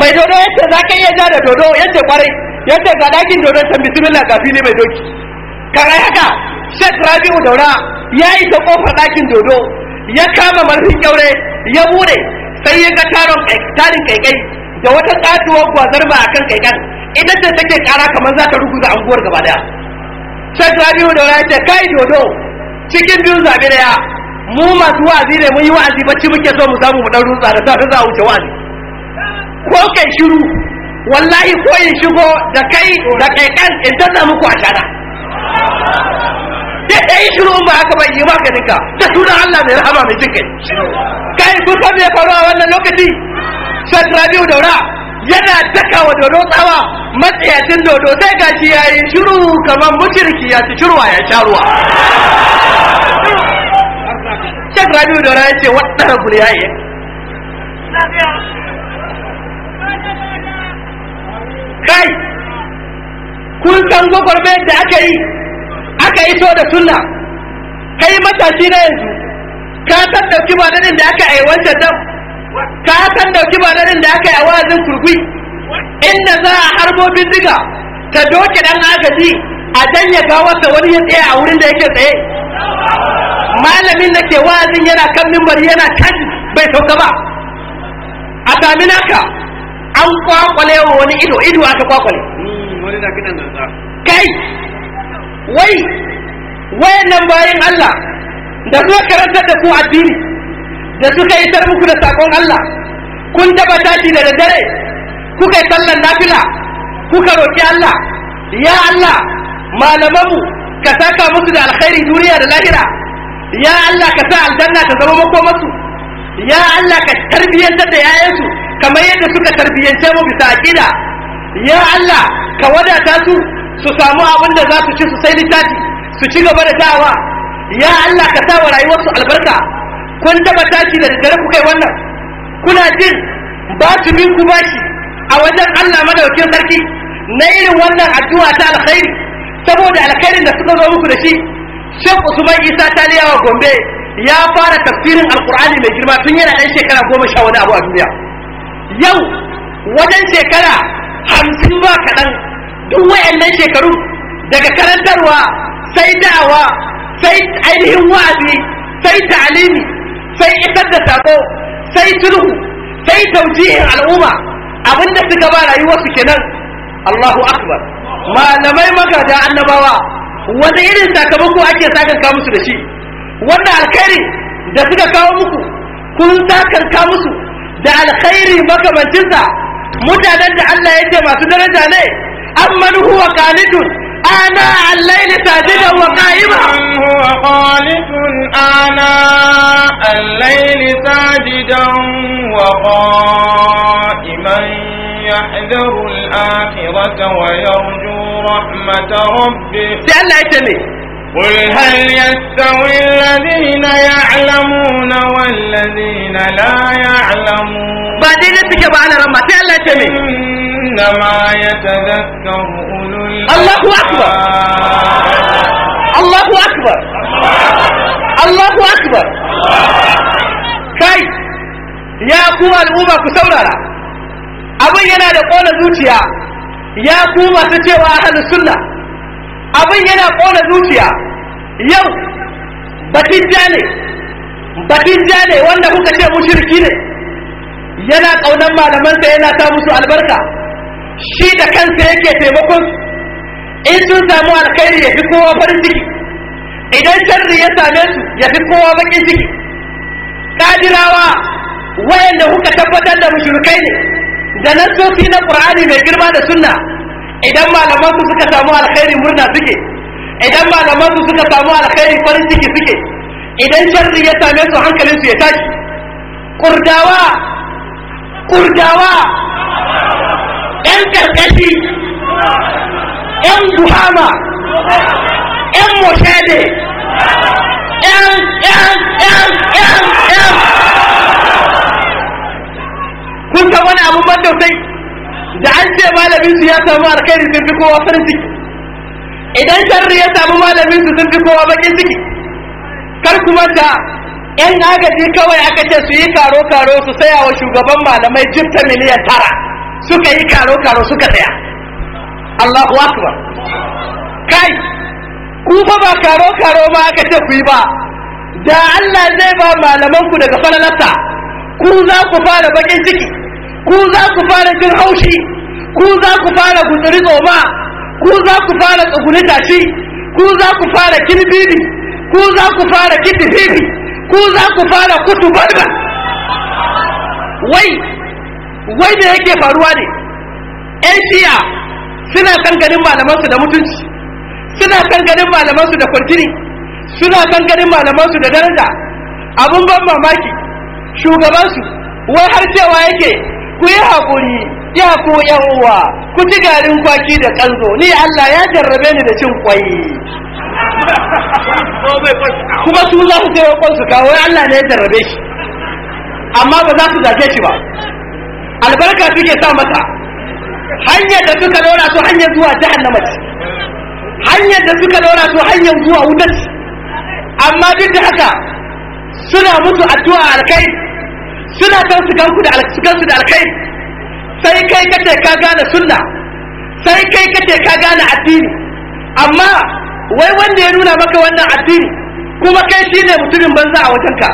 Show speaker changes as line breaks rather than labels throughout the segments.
mai dodo yace za ka iya ja da dodo yace kwarai yace ga dakin dodo san bismillah ga fili mai doki kaga haka shek Rabi'u Daura ya yi ta kofar dakin dodo ya kama marfin kyaure ya buɗe, sai ya ga taron tarin kaikai da wata katuwar gwazar ba akan kaikan idan da take kara kamar za ta ruguza anguwar gaba daya shek Rabi'u Daura yace kai dodo cikin biyu zabi daya mu masu wa'azi ne mun yi wa'azi bacci muke so mu samu mu dan rutsa da safe za a wuce wa'azi ko kai shiru wallahi ko in shigo da kai da kai kan in tana muku a shara sai shiru ba haka ba yi maka dinka da sunan Allah mai rahama mai cikin. kai kun san me a wannan lokaci sai Rabiu Daura yana daka wa dodo tsawa matsayacin dodo sai ya yayi shiru kamar mutirki ya ci shirwa ya sharuwa Shek Rabiu Daura ya ce waɗanda buliyaye kai kun san gwagwarmayar da aka yi aka yi to da sunna kai matashi na yanzu ka san dauki ba da aka yi wancan dam ka san dauki ba da aka yi a kurgui inda za a harbo bindiga ta doke dan agaji a janye gawarsa wani ya tsaya a wurin da yake tsaye malamin da ke wazin yana kan mimbari yana kan bai sauka ba a sami naka an kwakwale wa wani ido ido aka kwakwale
hmm, wani na kiɗan zanza
kai wai nan bayan Allah da suka karanta da ku addini da suka yi tar muku da sakon Allah kun taba tashi da dare kuka yi sallan nafila kuka roki Allah ya Allah malamanmu ka saka musu da alkhairi duniya da lahira ya Allah ka sa aljanna ta zama makomarsu ya Allah ka tarbiyyantar da yayansu kamar yadda suka tarbiyyance mu bisa aqida ya Allah ka wadata su su samu abin da za su ci su sai littafi su ci gaba da dawa ya Allah ka sa wa rayuwarsu albarka kun taba tashi da dare ku kai wannan kuna jin ba su min ku bashi a wajen Allah madaukin sarki na irin wannan addu'a ta alkhairi saboda alkhairin da suka zo muku da shi Sheikh Usman Isa Taliyawa Gombe يا فارا تفسيرين القرآن من جرما تنين عن شكرا قوم شاونا أبو أبنيا يو ودن شكرا حمسين با كدن دوه اللي شكرو دقا كرن دروا سي دعوة سي عينه وعدي سي تعليم سي إقدة سابو سي تلو سي توجيه على الأمة أبنى تقبال أي وصي الله أكبر ما لما يمكا دا أنبوا وزيرين ساكبوكو أكي ساكن كامسو دشي wannan alkhairi da suka kawo muku kun sakanka musu da alkhairi makamancinsa mutanen da Allah ya ce masu daraja ne amman wa qanitun ana al-layli sajidan wa qa'ima huwa qanitun ana
al-layli sajidan wa qa'iman يحذر الآخرة ويرجو رحمة ربه قل هل يستوي الذين يعلمون والذين لا يعلمون بعدين تجي على رمى تعالى تمي إنما يتذكر أولو الله أكبر
الله أكبر الله أكبر kai ya ku al'umma ku saurara abin yana da ƙona zuciya ya ku masu cewa ahlus sunna abin yana kona zuciya yau batijja ne batijja ne wanda kuka ce mushriki ne yana kaunan malamansa yana ta musu albarka shi da kansa yake taimakon in sun samu alkhairi ya fi kowa farin ciki idan sharri ya same su ya fi kowa bakin ciki kadirawa wayanda kuka tabbatar da mushrikai ne da nasosi na qur'ani mai girma da sunna idan malaman su suka samu alkhairi murna suke idan malaman su suka samu alkhairi farin ciki suke idan sharri ya same su hankalin su ya tashi kurdawa kurdawa yan karkashi yan duhama
yan moshade yan yan yan yan yan kun san wani abun ban
tausayi da an ce malamin su ya samu alkhairi sun fi kowa farin ciki idan sharri ya samu malamin su sun fi kowa bakin ciki kar ku manta yan agaji kawai aka ce su yi karo karo su saya wa shugaban malamai jifta miliyan tara suka yi karo karo suka saya Allahu akbar kai ku fa ba karo karo ba aka ce ku yi ba da Allah zai ba malaman ku daga falalarsa ku za ku fara bakin ciki ku za ku fara jin haushi ku za ku fara gutsuri tsoma ku za ku fara tsuguni tashi ku za ku fara kirbibi ku za ku fara kitifiri ku za ku fara kutu barba wai wai da yake faruwa ne yan shiya suna ganin malamansu da mutunci suna kan ganin malamansu da kwantini suna kan ganin malamansu da daraja abin ban mamaki shugabansu wai har cewa yake ku yi haƙuri ya ku yan uwa ku ci garin kwaki da kanzo ni Allah ya jarrabe ni da cin kwai kuma su za su sayo wa kwansu kawo Allah ne ya jarrabe shi amma ba za su zage shi ba albarka suke sa mata hanyar da suka daura su hanyar zuwa jahannama ce hanyar da suka daura su hanyar zuwa wutar amma duk da haka suna mutu addu'a alkai suna kan su ganku da su gansu da alkai sai kai kace ka gane sunna sai kai kace ka gane addini amma wai wanda ya nuna maka wannan addini kuma kai shine mutumin banza a wajenka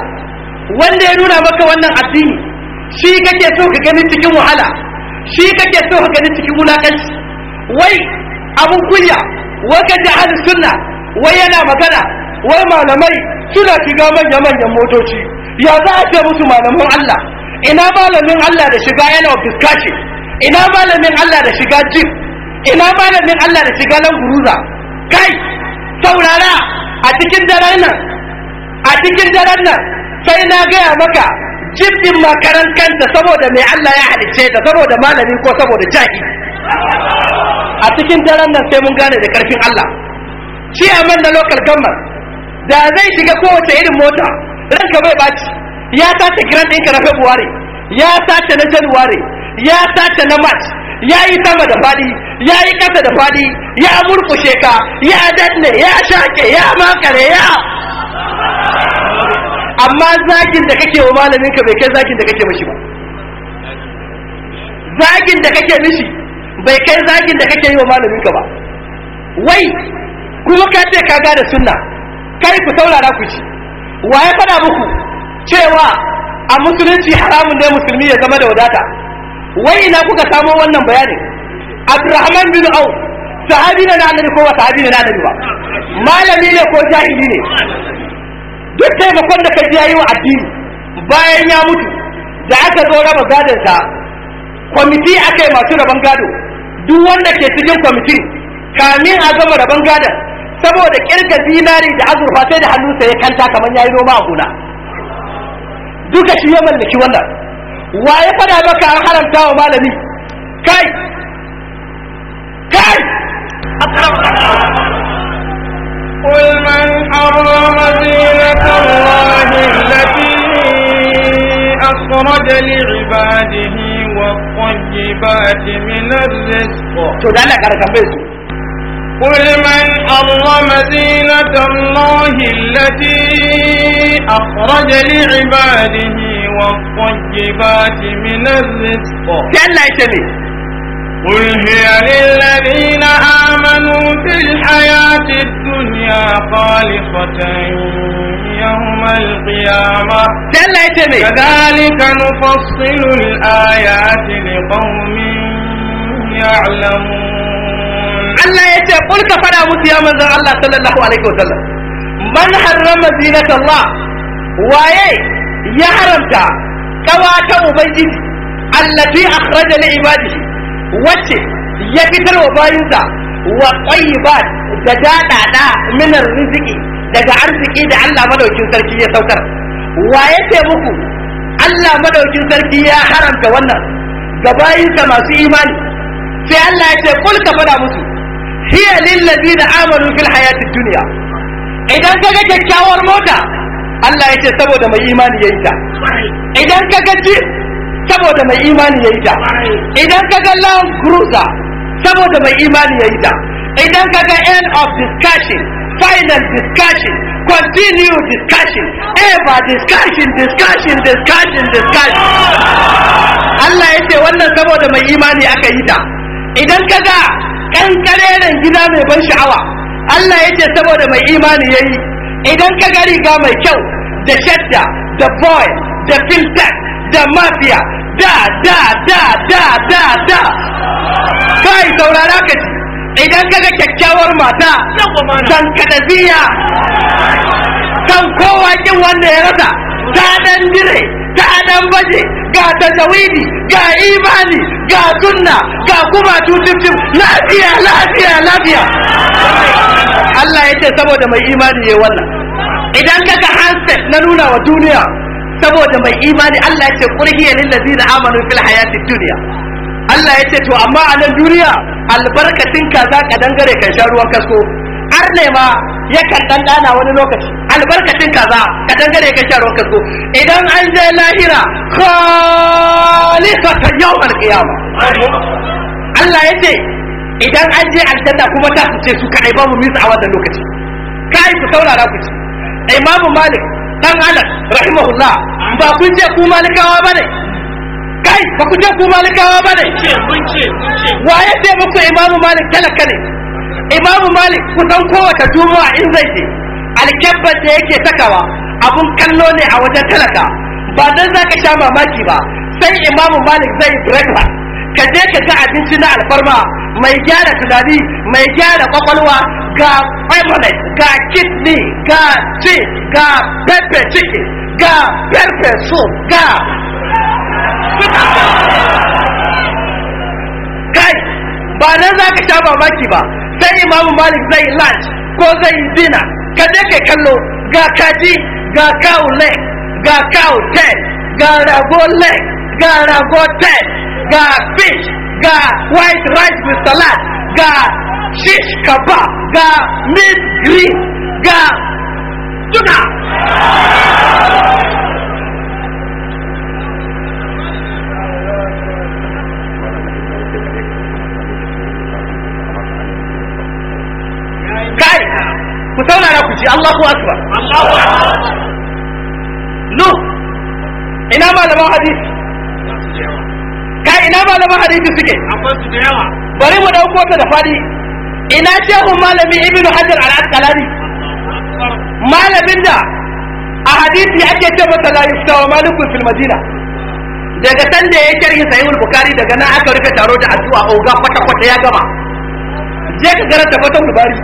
wanda ya nuna maka wannan addini shi kake so ka gani cikin wahala shi kake so ka gani cikin wulakanci wai abun kunya wai kace ahlus sunna wai yana magana wai malamai suna shiga manya manyan motoci ya za a ce musu malamin Allah ina malamin Allah da shiga yana fiskashi ina malamin Allah da shiga jif ina malamin Allah da shiga nan guruza kai saurara a cikin daren nan a cikin daren nan sai na gaya maka jibin makaran kanta saboda mai Allah ya halicce da saboda malami ko saboda jahi a cikin daren nan sai mun gane da karfin Allah shi a man da local government da zai shiga kowace irin mota ranka bai baci ya sace grand ɗinka na february ya sace na january ya sace na march ya yi sama da faɗi ya yi kasa da fadi ya murkushe ka ya danne ya shake ya makare ya amma zagin da kake wa malamin ka bai kai zagin da kake mashi ba zagin da kake mishi bai kai zagin da kake yi wa malamin ka ba wai kuma ka ce ka gane sunna kai ku saurara ku ci wa ya faɗa muku cewa a musulunci haramun ne musulmi ya zama da wadata wai ina kuka samo wannan bayani abdurrahman bin au sahabi na annabi ko sahabi na annabi ba malami ne ko jahili ne duk taimakon da kaji yayi wa addini bayan ya mutu da aka zo raba gadon sa kwamiti aka yi masu raban gado duk wanda ke cikin kwamitin kamin a gama raban gadon saboda kirga zinari da azurfa sai da hannunsa ya kanta kamar yi noma a gona duka shi ya mallaki wannan wa ya fada maka an haramta wa malami
kai kai قل من حرم زينة الله
التي أخرج لعباده والطيبات من الرزق. شو ده لك أنا كملت. قل من حرم زينة الله التي أخرج لعباده والطيبات من الرزق قل هي للذين آمنوا في الحياة الدنيا خالصة يوم القيامة كذلك نفصل الآيات لقوم
يعلمون Allah ya ce kul ka fada musu ya manzan Allah sallallahu alaihi wasallam man harrama zinata Allah waye ya haramta kawata ubangiji allati akhraja li ibadihi wacce ya fitar wa bayinsa wa qayyibat da dadada min arziki daga arziki da Allah madaukin sarki ya saukar wa ya ce muku Allah madaukin sarki ya haramta wannan ga bayinsa masu imani sai Allah ya ce kul ka fada musu hiya lillazina amanu fil hayatid dunya idan kaga kyakkyawar mota Allah ya ce saboda mai imani yayi ta idan kaga ji saboda mai imani yayi ta idan kaga Land Cruiser saboda mai idan end of discussion final discussion continue discussion ever discussion discussion discussion discussion Allah ya ce wannan saboda mai imani aka yi ta idan kankareren gida mai ban sha'awa Allah ya ce saboda mai imani yayi idan ka ga riga mai kyau da shadda da boy da filter da mafia da da da da da da kai saurara ka ji idan ka ga kyakkyawar mata dan kadaziya san kowa kin wanda ya rasa ta dan dire ga adam baje ga tajawidi ga imani ga sunna ga kuma tututun lafiya lafiya lafiya Allah ya saboda mai imani ne wannan idan kaka handset na nuna wa duniya saboda mai imani Allah ya ce qurhiya lil ladina amanu fil hayatid dunya Allah ya ce to amma a nan duniya albarkacin kaza ka dangare kan sha ruwan kasko har ne ma yakan dan dana wani lokaci albarkacin kaza ka dangare ka sharon ka so idan an je lahira khalisatan yawmal qiyama Allah ya ce idan an je aljanna kuma ta ce su kai babu misa a wannan lokaci kai ku saurara ku ci Imam Malik dan Anas rahimahullah ba kun je ku malikawa bane kai ba ku je ku malikawa bane ce mun ce wa ya ce muku Imam Malik talaka ne imamu malik kusan kowace juma'a in zai je alkebbar da yake sakawa abun kallo ne a wajen talaka ba za ka sha mamaki ba sai imamu malik zai yi breakfast ka je ka ga abinci na alfarma mai gyara tunani mai gyara kwakwalwa ga permanent ga kidney ga cheese ga pepper chicken ga pepper soup ga kai ba nan za ka sha mamaki ba sai imamu malik zai lunch ko zai dina ka je ke kallo ga kaji ga cow leg
ga cow tail ga rago leg ga rago tail ga fish ga white rice with salad ga shish kebab ga meat green ga tuna ce Allahu akbar Allahu
ina malaman hadisi ka ina malaman hadisi suke akwai da bari mu dauko ta da fadi ina shehu malami ibnu hajar al-asqalani malamin da a hadisi ake ce masa la yustawa malikun fil madina daga san da ya sharhi sahihul bukhari daga nan aka rufe taro da addu'a oga kwata kwata ya gama je ka garanta kwatan bari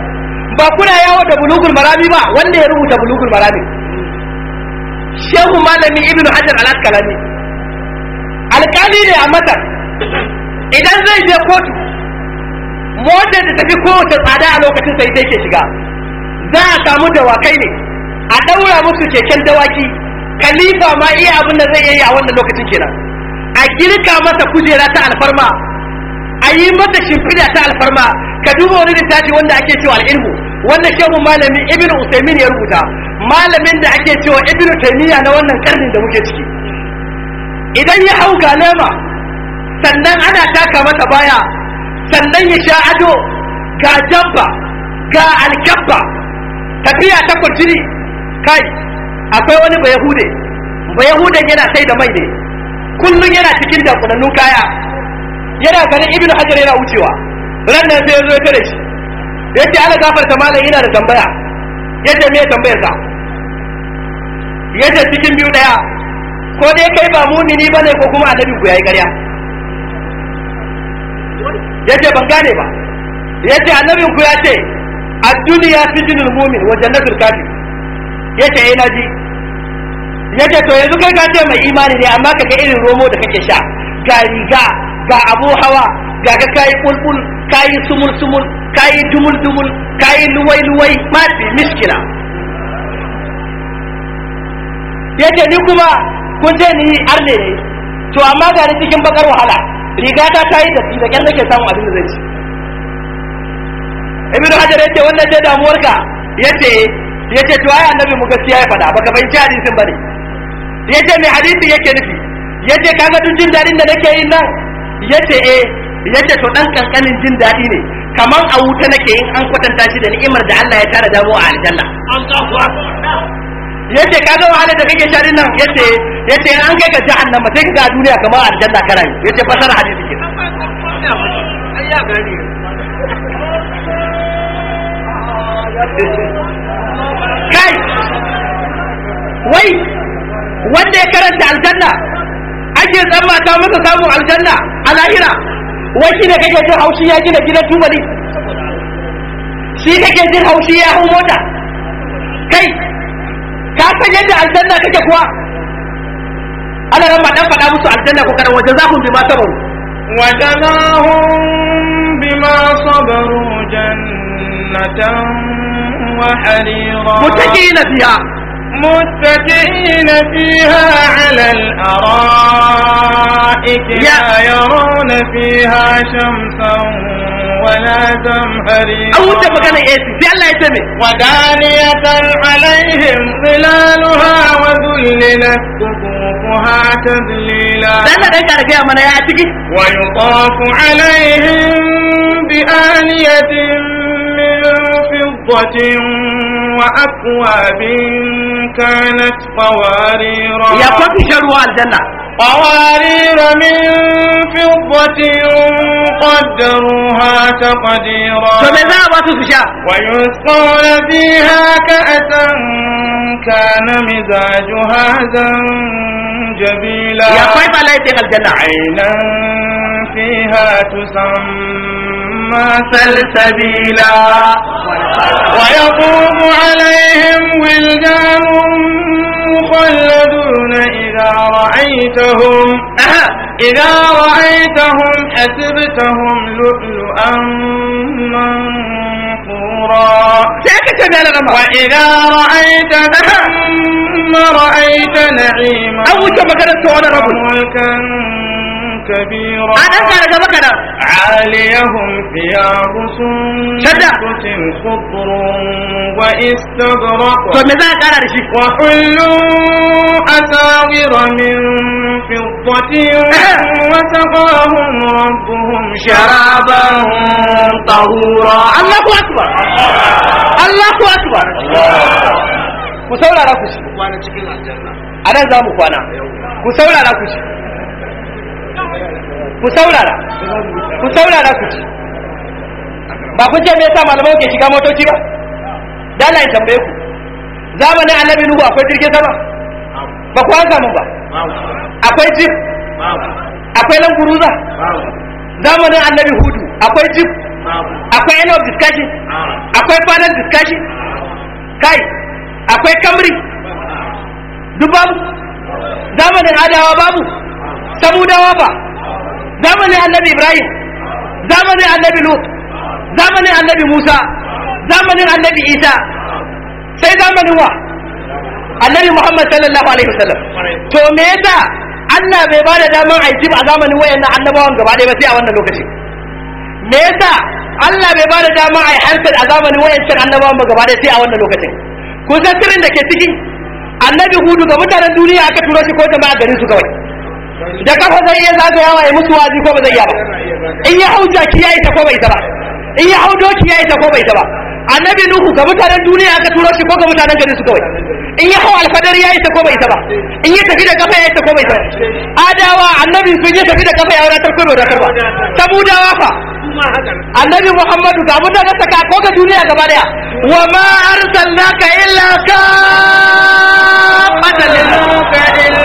ba kuna yawo da bulugul marami ba wanda ya rubuta bulugul marami shehu malami ibnu hajar al asqalani alƙali ne a Matar idan zai je kotu motar da tafi kowace tsada a lokacin sai sai ke shiga za a samu dawakai ne a daura musu keken dawaki kalifa ma iya abin da zai yi a wannan lokacin kenan a girka masa kujera ta alfarma a yi mata shimfida ta alfarma ka duba wani littafi wanda ake cewa al'ilmu wanda shehu malami ibn usaimin ya rubuta malamin da ake cewa ibn taymiya na wannan karnin da muke ciki idan ya hau galema sannan ana taka mata baya sannan ya sha ado ga jabba ga alkyabba tafiya ta kurjini kai akwai wani bayahude bayahuden yana sai da mai ne kullum yana cikin da kunannun kaya yana ganin ibn hajar yana wucewa ran nan sai ya zo ya tare shi yace ana gafarta malam yana da tambaya yace me tambayar sa yace cikin biyu daya ko dai kai ba mumini bane ko kuma annabi ku yayi ƙarya yace ban gane ba yace annabin ku ya ce ad-dunya sijnul mu'min wa jannatul kafir yace eh naji yace to yanzu kai ka ce mai imani ne amma ka ga irin romo da kake sha ga riga ga abu hawa ga ka kayi bulbul kayi sumul sumul kayi dumul dumul kayi luwai luwai ma miskila yace ni kuma kun ce ni arne ne to amma ga ni cikin bakar wahala riga ta tayi da da kyan nake samun abin da zai ci ibnu hajar yace wannan ce damuwar ka yace yace to ai annabi mu gaskiya ya fada baka bai ci hadisin bane yace me hadisi yake nufi yace kaga duk jin dadin da nake yin nan yace eh yace to dan kankanin jin daɗi ne kamar a wuta nake in an kwatanta shi da ni'imar da Allah ya tara da mu a aljanna yace ka ga wahalar da kake shaɗin nan yace yace an kai ka jahannama sai ka ga duniya kamar aljanna karan yace fasar hadisi ke
kai wai
wanda ya karanta aljanna ake tsammata masa samun aljanna a lahira wai da kake jin haushi ya gina gidan tubali shi kake jin haushi ya hau mota kai ka san yadda aljanna kake kuwa ana ramma dan faɗa musu aljanna ko karan wajen zahun bima sabaru
wajanahum bima sabaru jannatan wa harira mutakin fiha متكئين فيها على الأرائك لا يرون فيها شمسا ولا زمهريرا أو تبقنا إيه في الله يتمي ودانية عليهم ظلالها وذللت قطوفها تذليلا يا ويطاف عليهم بآنية من فضة فضة وأكواب كانت قوارير يا كوفي شروا الجنة قوارير من فضة قدروها تقديرا ويسقون فيها كأسا كان مزاجها زنجبيلا يا كوفي لا الجنة عينا فيها تسمى سلسبيلا ويطوف عليهم ولدان مخلدون إذا رأيتهم إذا رأيتهم حسبتهم لؤلؤا منثورا وإذا رأيت
ثم
رأيت نعيما أو كما كانت ملكا كبيرا أنا عاليهم ثياب سندس خضر واستبرق وحلوا أساور من فضة وسقاهم ربهم شرابا طهورا الله أكبر
الله أكبر ku saurara ku ci
kwana cikin aljanna
anan za mu kwana ku saurara ku shi ku saurara ku saurara ku ci ba kun ce me yasa malamai ke shiga motoci ba da Allah ya tambaye ku zamanin annabi nuhu akwai jirgin sama ba ku an samu ba akwai jir akwai nan guruza zamanin annabi hudu akwai jir akwai end of discussion akwai panel discussion kai akwai kamri duk babu zamanin adawa babu samudawa ba zamanin annabi ibrahim zamanin annabi lut zamanin annabi musa zamanin annabi isa sai zamanin wa annabi muhammad sallallahu alaihi wasallam to me yasa Allah bai ba da daman aiki ba a zamanin wayannan annabawan gaba ɗaya ba sai a wannan lokaci me yasa Allah bai ba da daman ai hansar a zamanin wayancan annabawan ba gaba ɗaya sai a wannan lokacin kun san sirrin da ke cikin annabi hudu ga mutanen duniya aka turo shi ko jama'a garin su kawai da kafa zai iya yawa ya musu wazi ko ba zai yaba. in ya hau jaki ya ita ko bai ta ba in ya hau doki ya ita ko bai ta ba annabi nuhu ga mutanen duniya aka turo shi ko ga mutanen gari su kawai in ya hau alfadar ya ita ko bai ta ba in ya tafi da kafa ya ita ko bai ta ba adawa annabi su ya tafi da kafa ya wadatar ko bai wadatar ba sabudawa fa annabi muhammadu ga mutanen ta ko ga duniya gaba daya wa ma ka illa ka matalin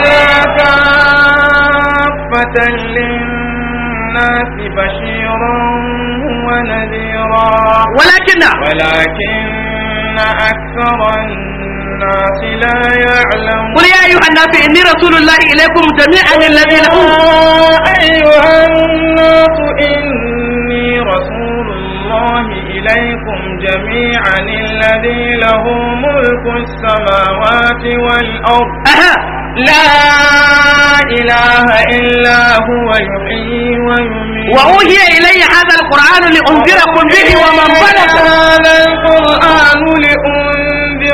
للناس بشيرا ونذيرا ولكن ولكن أكثر الناس الناس لا يعلمون قل يا أيها الناس إني رسول الله إليكم جميعا الذي له يا أيها الناس إني رسول الله إليكم جميعا الذي له ملك السماوات والأرض أها. لا إله إلا هو يحيي ويميت وأوحي إلي هذا القرآن لأنذركم به ومن بلغ هذا القرآن لأنذركم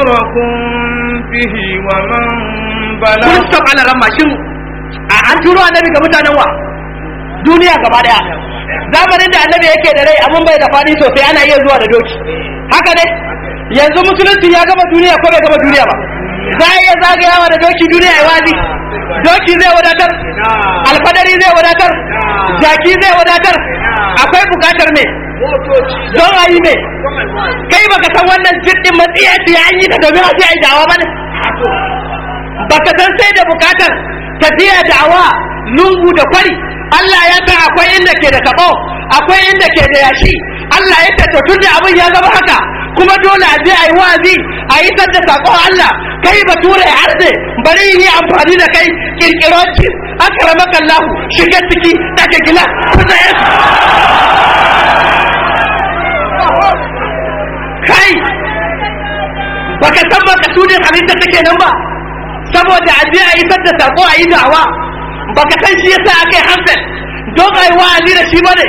أمركم
annabi ga mutanen wa duniya gaba daya zamanin da annabi yake da rai abun bai da fadi sosai ana iya zuwa da doki haka ne yanzu musulunci ya gama duniya ko bai gama duniya ba za a iya zagayawa da doki duniya ya wazi doki zai wadatar alfadari zai wadatar jaki zai wadatar akwai bukatar me
don a yi me kai baka
san wannan jirgin matsiyar da an yi ta domin a sai a yi dawa ba ne baka san sai da bukatar tafiya dawa lungu da kwari Allah ya ta akwai inda ke da tabo akwai inda ke da yashi Allah ya tattatu da abin ya zama haka kuma dole a je a yi wazi a yi sadda sakon Allah kai bature ya arde bari yi amfani da
kai kirkiro ki akrama kallahu shiga ciki daga gila kusa yes kai
baka san ba ka tudin take nan ba saboda a je a yi sadda sako a yi dawa baka san shi yasa akai hansel don a yi wa'azi da shi bane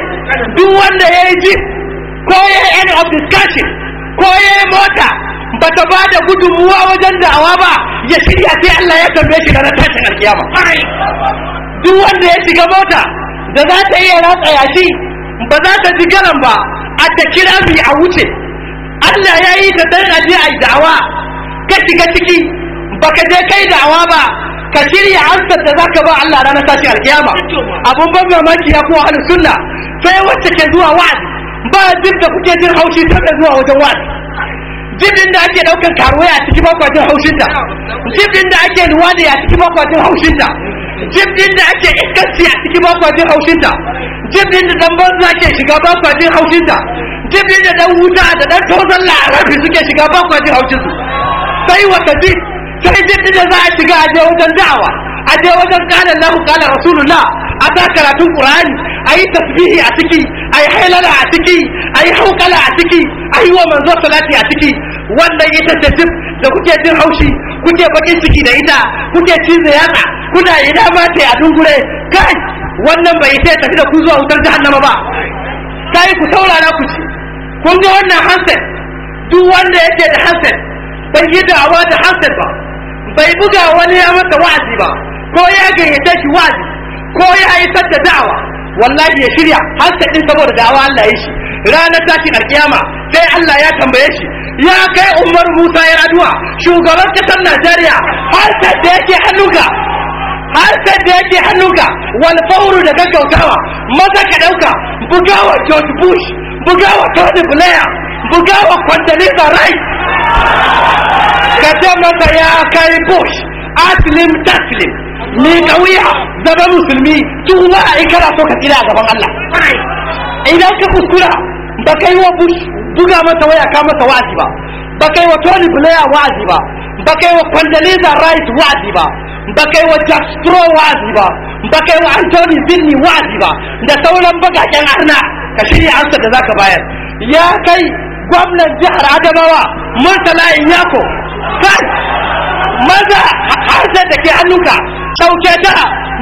duk wanda ya yi ji ko ya yi any of discussion ko ya mota ba ta ba da gudunmuwa wajen da'awa ba ya shirya sai Allah ya tambaye shi ranar tashin alkiyama duk wanda ya shiga mota da za ta iya ratsa yashi ba za ta ji garan ba a ta kira bi a wuce Allah ya yi ta dan aje a da'awa ka shiga ciki ka je kai da'awa ba ka shirya amsar da ka ba Allah ranar tashin alkiyama abun ban mamaki ya kuwa ahlus sunna sai wacce ke zuwa wa'azi ba duk da kuke jin haushi ta da zuwa wajen wa'azi jibin da ake daukan karuwa a ciki bakwatin haushinta jibin da ake luwada a ciki bakwatin haushinta jibin da ake inganci a ciki bakwatin haushinta jibin da dan banza ke shiga bakwatin haushinta jibin da dan wuta da dan tozon larabi suke shiga bakwatin haushinsu sai wata sai jibin da za a shiga a je wajen da'awa a je wajen kana lahu kana rasulullah a ta karatun qur'ani ayi tasbihi a ciki ayi hailala a ciki ayi haukala a ciki ayi wa manzo salati a ciki wannan ita ce tip da kuke jin haushi kuke bakin ciki da ita kuke cin yatsa kuna ina ma ta a dungure kai wannan bai ita tafi da ku zuwa wutar jahannama ba kai ku saurara ku ci kun ga wannan hanset duk wanda yake da hanset bai yi da da hanset ba bai buga wani ya masa wa'azi ba ko ya gayyace shi wazi ko ya aikata da da'wa wallahi ya shirya har din saboda da'wa Allah ya shi ranar tashin alkiyama sai Allah ya tambaye shi ya kai Umar Musa ya raduwa shugaban kasar Najeriya har da yake hannunka harkar da yake hannunka wal fauru da gaggautawa maza ka dauka bugawa George Bush bugawa Tony Blair bugawa Condoleezza Rice ka ce masa ya kai Bush aslim taslim ni ƙauya zama musulmi tun wa a kana so ka tsira a gaban Allah idan ka kuskura ba kai wa buga masa waya ka masa wa'azi ba ba kai wa Tony Blair wa'azi ba ba kai wa Condoleezza Rice wa'azi ba ba kai wa Jack Straw wa'azi ba ba kai wa Anthony Zinni wa'azi ba da sauran bagaƙen arna ka shirya amsa da ka bayar ya kai gwamnan jihar Adamawa Murtala Iyako, kai maza harshen da ke hannunka sauke ta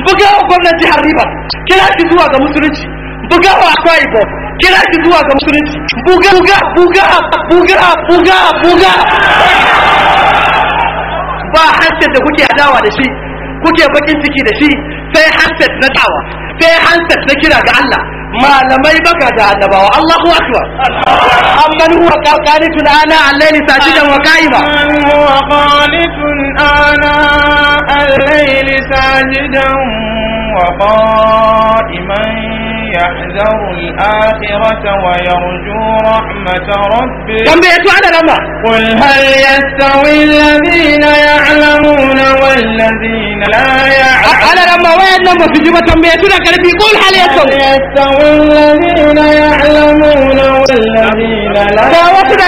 buga wa gwamnati jihar ribar kira shi zuwa ga musulunci buga wa akwa ibo kira shi zuwa ga musulunci buga buga buga buga buga buga ba hanset da kuke adawa da shi kuke bakin ciki da shi sai hanset na dawa sai hanset na kira ga Allah malamai baka da annabawa Allahu akbar amman huwa qanitun ana al-layli sajidan wa qa'ima wa qanitun آناء الليل
ساجدا وقائما يحذر الآخرة ويرجو رحمة ربه الأمر قل هل يستوي الذين يعلمون والذين لا يعلمون وين قل هل يستوي هل يستوي الذين يعلمون والذين لا يعلمون لا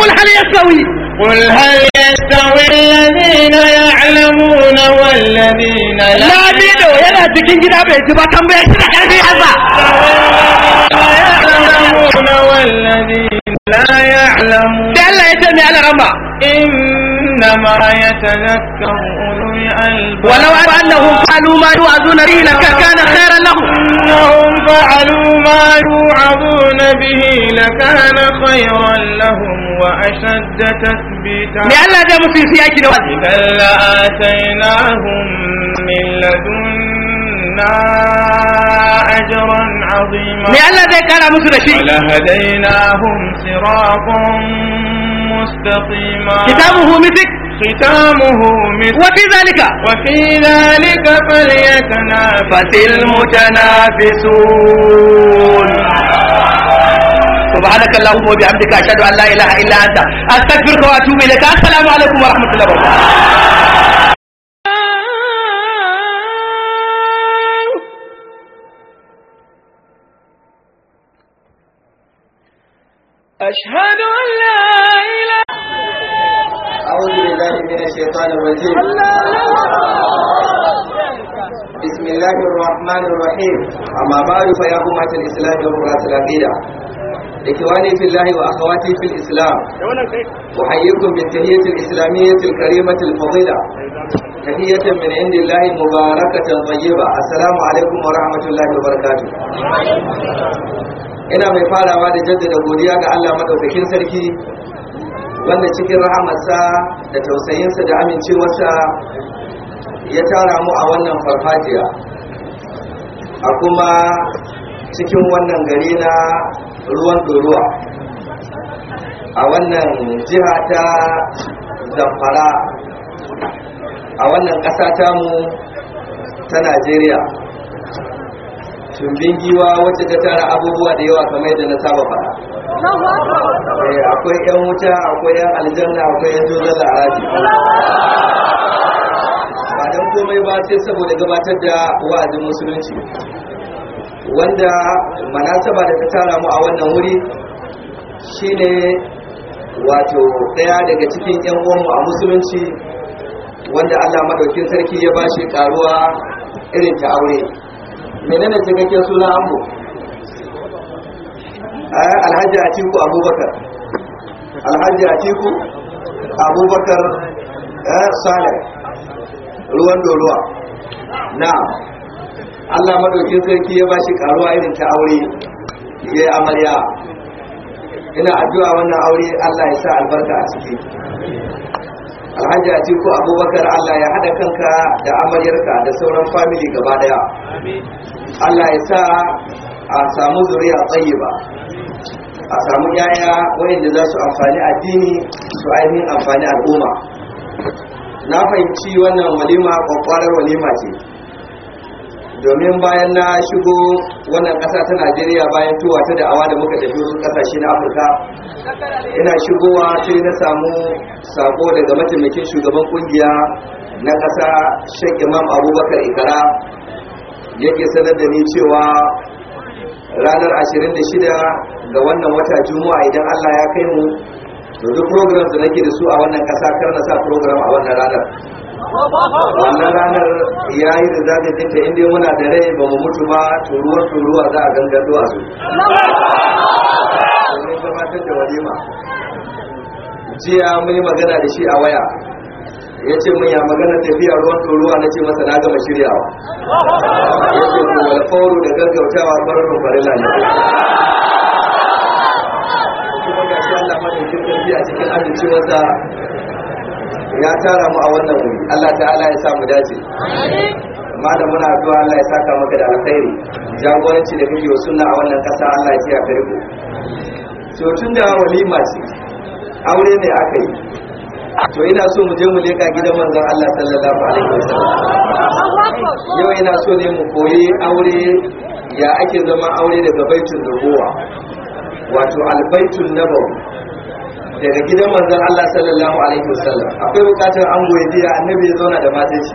قل هل يستوي قل هل يستوي الذين يعلمون والذين لا يعلمون yana cikin gida bai ji ba tambayar shi da karfi hasa يعلمون والذين لا يعلمون الله يتمي على رمى إنما يتذكر أولو الألباب ولو أنهم فعلوا ما يوعظون به لكان خيرا لهم أنهم فعلوا ما يوعظون به لكان خيرا لهم وأشد تثبيتا لأن لا دام في سياق إذا لآتيناهم من لدنا أجرا عظيما لأن
ذلك مثل شيء ولهديناهم
صراطا
مستقيما كتابه
مسك ختامه مسك وفي ذلك وفي
ذلك فليتنافس المتنافسون سبحانك اللهم وبحمدك أشهد أن لا إله إلا أنت
أستغفرك وأتوب إليك السلام عليكم ورحمة الله وبركاته أشهد أن لا إله أعوذ بالله من الشيطان الرجيم بسم
الله الرحمن الرحيم أما بعد فيا أمة الإسلام وأمة العقيدة إخواني في الله وأخواتي في الإسلام أحييكم بالتحية الإسلامية الكريمة الفضيلة تحية من عند الله مباركة طيبة السلام عليكم ورحمة الله وبركاته ina mai farawa da jaddada godiya ga Allah madaukakin sarki wanda cikin rahamarsa da tausayinsa da amincewarsa ya tara mu a wannan farfajiya a kuma cikin wannan gari na ruwan doruwa a wannan jiha ta zamfara a wannan ƙasa tamu ta najeriya tumbin giwa wacce ta tara abubuwa da yawa kamar yadda na saba fara eh, akwai yan wuta akwai yan aljanna akwai yan zozo a haraji ba don komai ba sai saboda gabatar da wa'azin musulunci wanda manasaba da ta tara mu a wannan wuri shine wato daya daga cikin yan uwanmu a musulunci wanda Allah madaukin sarki ya bashi karuwa irin ta aure menene cikakken sunan ango eh, alhaji atiku abubakar alhaji atiku abubakar eh, salih ruwan doruwa na allah madaukin sarki ya bashi karuwa irin ta aure ya yi amarya ina addu'a wannan aure allah ya sa albarka a ciki alhaji a ko abubakar allah ya haɗa kanka da amaryarka da sauran famili gaba daya allah ya sa a samu zuriya tsaye ba a samu yaya wayanda za su amfani addini su ainihin amfani al'umma na fahimci wannan walima kwakwarar walima ce domin bayan na shigo wannan ƙasa ta najeriya bayan tuwa ta da'awa da muka tafi wurin ƙasashe na afirka ina shigowa sai na samu sako daga mataimakin shugaban ƙungiya na ƙasa shek imam abubakar ikara yake sanar da ni cewa ranar 26 ga wannan wata juma'a idan allah ya kai mu da duk program da nake da su a wannan ƙasa kar na sa program a wannan ranar
wannan ranar
ya yi da zaɓe tinta inda muna da rai ba mu mutu ba turuwar turuwa za a gangar a su
domin gabatar da
jiya mun yi magana da shi a waya ya ce mun ya magana tafiya ruwan turuwa na ce masa na gama shiryawa
ya ce mu walfauru da gaggautawa farin farila ne kuma ga shi Allah madaukin sarki a cikin
amincewarsa ya tara mu a wannan wuri Allah ta'ala ya sa mu dace da muna addu'a Allah ya saka maka da alkhairi jagoranci da kake sunna a wannan kasa Allah ya tsaya kai ku to tun da walima ce aure ne aka yi to ina so mu je mu leka gidan manzon Allah sallallahu alaihi wasallam
yau ina so ne
mu koyi aure ya ake zama aure daga baitun nubuwa wato albaitul nabawi daga gidan manzon Allah sallallahu alaihi wasallam akwai bukatar ango ya jiya annabi ya zauna da matar shi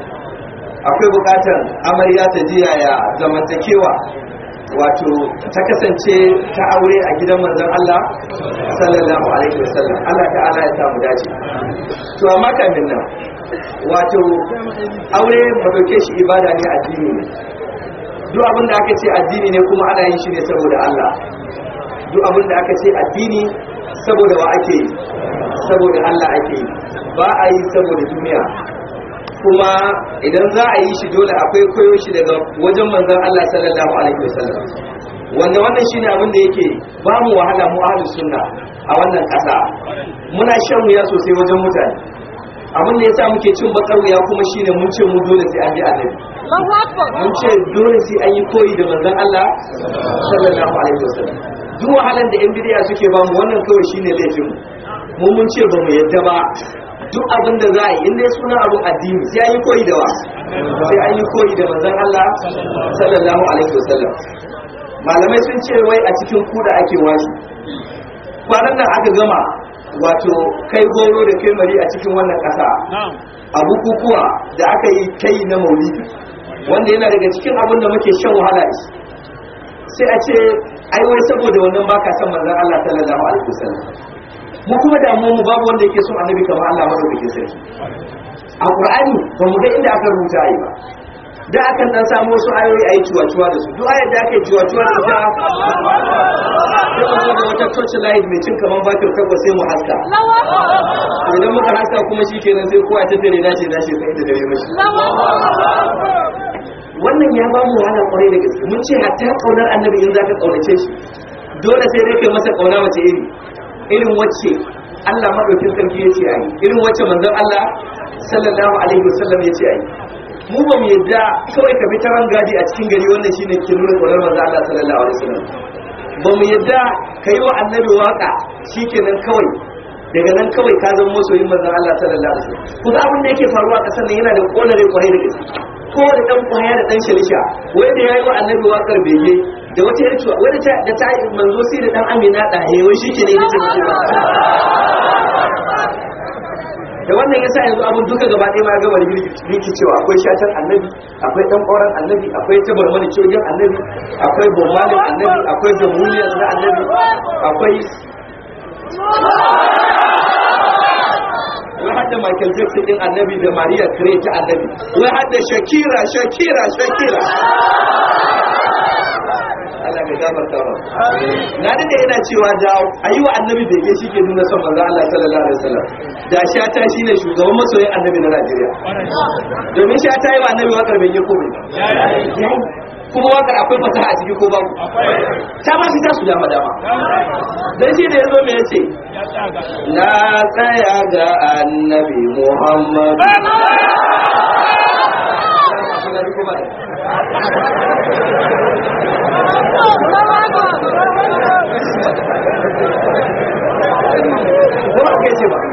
akwai bukatar amarya ta jiya ya zamantakewa wato ta kasance ta aure a gidan manzon Allah sallallahu alaihi wasallam Allah ta'ala ya samu dace to amma kamin nan wato aure ba dauke shi ibada ne addini ne duk abin da aka ce addini ne kuma ana yin shi ne saboda Allah duk abin da aka ce addini saboda wa ake yi saboda Allah ake yi ba a yi saboda duniya kuma idan za a yi shi dole akwai koyo shi daga wajen manzon Allah sallallahu alaihi wasallam wanda wannan shine abin da yake ba mu wahala mu ahlus sunna a wannan kasa muna shan wuya sosai wajen mutane abin da yasa muke cin bakar wuya kuma shine mun ce mu dole sai an bi annabi mun ce dole sai an yi koyi da manzon Allah sallallahu alaihi wasallam duk wahalar da yan bidiya suke ba mu wannan kawai shine laifin mu mun ce ba mu yadda ba duk abin da za a yi in dai suna abin addini sai an yi koyi da wa sai an yi koyi da manzon Allah sallallahu alaihi wasallam malamai sun ce wai a cikin kuda ake washi kwanan nan aka gama wato kai goro da kai mari a cikin wannan kasa a bukukuwa da aka yi kai na maulidi wanda yana daga cikin abin da muke shan wahala sai a ce ai wai saboda wannan baka san manzon Allah sallallahu alaihi wasallam mu kuma da mu babu wanda yake son annabi kamar Allah madaukakin sarki a Qur'ani ba mu ga inda aka rubuta ai ba da akan dan samu wasu ayoyi ayi tuwa da su duk ayar da aka yi tuwa da ta da kuma da wata touch light mai cin kaman bakin takwas sai mu haska idan muka haska kuma shikenan sai kowa ta tare da shi sai da dare mashi wannan ya ba mu wahala kwarai da gaske mun ce hatta kaunar annabi in zaka kaunace shi dole sai dai kai masa kauna wace iri irin wacce Allah madaukin sarki ya ce ayi irin wacce manzon Allah sallallahu alaihi wasallam ya ce ayi mu ba mu yadda kawai ka bi ta gadi a cikin gari wannan shine ke nuna kaunar manzon Allah sallallahu alaihi wasallam ba mu yadda ka yi wa annabi waka shikenan kawai daga nan kawai ka zama masoyin manzon Allah sallallahu alaihi wasallam kuma abin da yake faruwa a kasar nan yana da kona rai kwarai da gaske ko da dan kwaya da dan shalisha wanda yayi wa annabi wakar bege da wata yarki wanda ta da ta manzo sai da dan amina da hewa eh, shi ke ne yake ba da wannan yasa yanzu abun duka gaba ɗaya ma gaba rikicewa akwai shatar annabi akwai dan ƙoran annabi akwai tabar wani cogin annabi akwai bombalin annabi akwai jamhuriyar na annabi akwai
hadda Michael Jackson
din annabi da Maria Carey ta annabi wai hadda Shakira Shakira Shakira Allah ka gafarta ba na dade yana cewa da ayi wa annabi da yake shike nuna son manzo Allah sallallahu alaihi wasallam da shata shine shugaban masoyin annabi na Najeriya domin shata yi wa annabi wakar ko komai kuma wakar akwai fasaha a ciki ko babu ta ma shi ta su dama dama dan shi da yazo me yace na tsaya ga annabi muhammad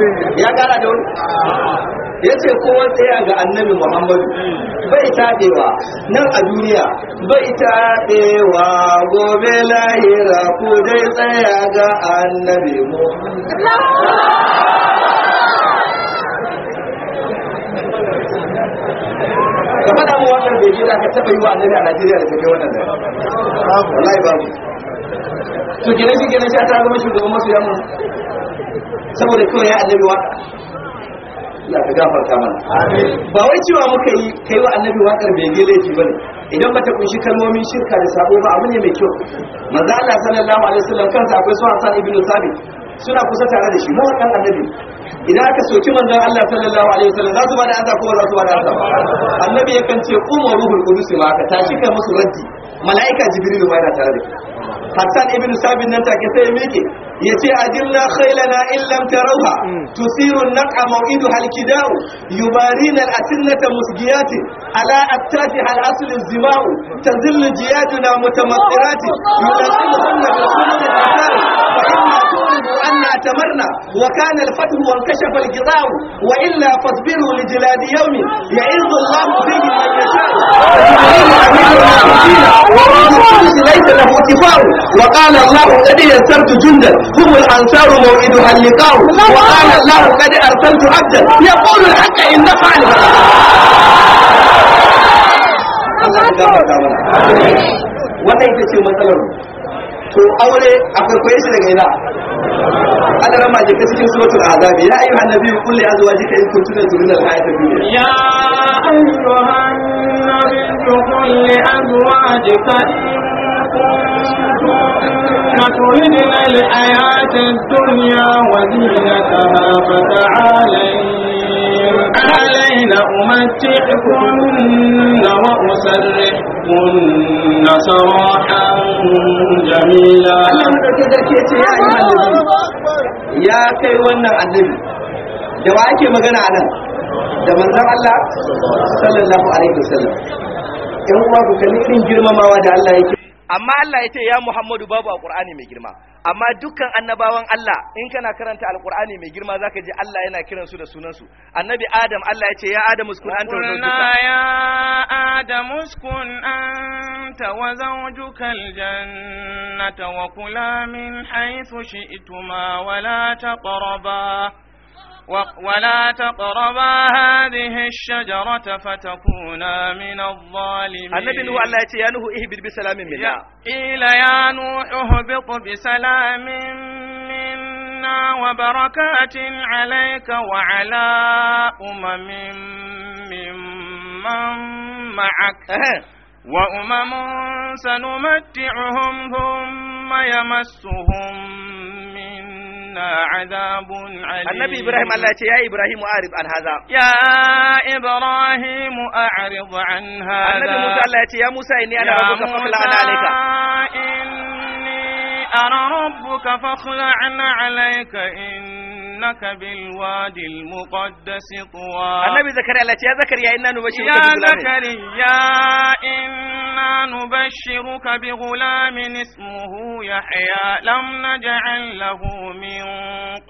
eh, ya kara da wani ya ce kowa tsaya ga annabi muhammadu bai taɗewa nan a duniya bai taɗewa gobe lahira ko dai tsaya ga annabi ka faɗa mu wannan bai gida ka taɓa yi wa annabi a najeriya da tafiya wannan da wallahi babu to gina shi gina shi ta zama shugaban masu yamma saboda kawai ya annabi wa? Allah ba wai cewa muka yi kai wa annabi wakar bai idan bata kunshi kalmomin shirka da sabo ba abu mai kyau manzo Allah sallallahu alaihi wasallam suna kusa tare da shi annabi idan aka soki manzon Allah sallallahu alaihi wasallam za su azaba ko za su bada azaba annabi yakan ce umma ruhul qudus ma ka tashi kai musu raddi malaika jibril ma yana tare da حسن ابن ثابت ننتا كسي ميكي يتي ادلنا خيلنا إن لم تروها تثير النقع موئدها الكداء يبارين الأسنة مسجيات على أبتاتها الأصل الزماء تزل جيادنا متمطرات يلاسلهن
رسول الأسان فإما
تؤلف أن أتمرنا وكان الفتح وانكشف الجضاء وإلا فاصبروا لجلاد يوم يعز الله فيه من يشاء ليس له اتفاق اللقاء وقال الله قد يسرت جندا هم الأنصار موعدها اللقاء وقال الله قد أرسلت عبدا يقول الحق إن فعل wannan ita ce matsalar to aure a farkoye shi daga ina ana rama da ka cikin suratul azab ya ayyuhan nabiyyu qul li azwajika in kuntunna turidna al-hayata ad-dunya ya
ayyuhan
nabiyyu qul li azwajika in فتردن الحياة الدنيا وزينتها
فتعالين
علينا أمتعكن وأسرحكن سراحا
جميلا يا كي wannan annabi da wa ake magana nan da manzon Allah sallallahu alaihi wasallam yan uwa ku kalli irin girmamawa da Allah yake
amma Allah ya ce ya Muhammadu
babu alqur'ani mai girma amma dukkan annabawan Allah in kana karanta alqur'ani mai girma zaka ji Allah yana kiran su da sunan su annabi adam Allah ya ce ya adam uskun anta wa zawjuka ya adam uskun anta wa zawjuka aljannata
wa kula min haythu shi'tuma wa la taqraba ولا تقربا هذه الشجرة فتكونا
من الظالمين النبي نوح الله يتي يا نوح اهبط بسلام منا
قيل يا نوح اهبط بسلام منا وبركات عليك وعلى أمم من من معك وأمم سنمتعهم ثم يمسهم لَدَيْنَا عَذَابٌ عَلِيمٌ النبي إبراهيم الله
يا إبراهيم أعرض عن هذا يا
إبراهيم أعرض عن هذا النبي موسى الله يا موسى إني أنا ربك فاخلع عليك إني أنا ربك فاخلع عليك إني إنك بالواد المقدس طوى النبي زكريا
الله يا زكريا إنا نبشرك يا زكريا
إنا نبشرك بغلام اسمه يحيى لم نجعل له من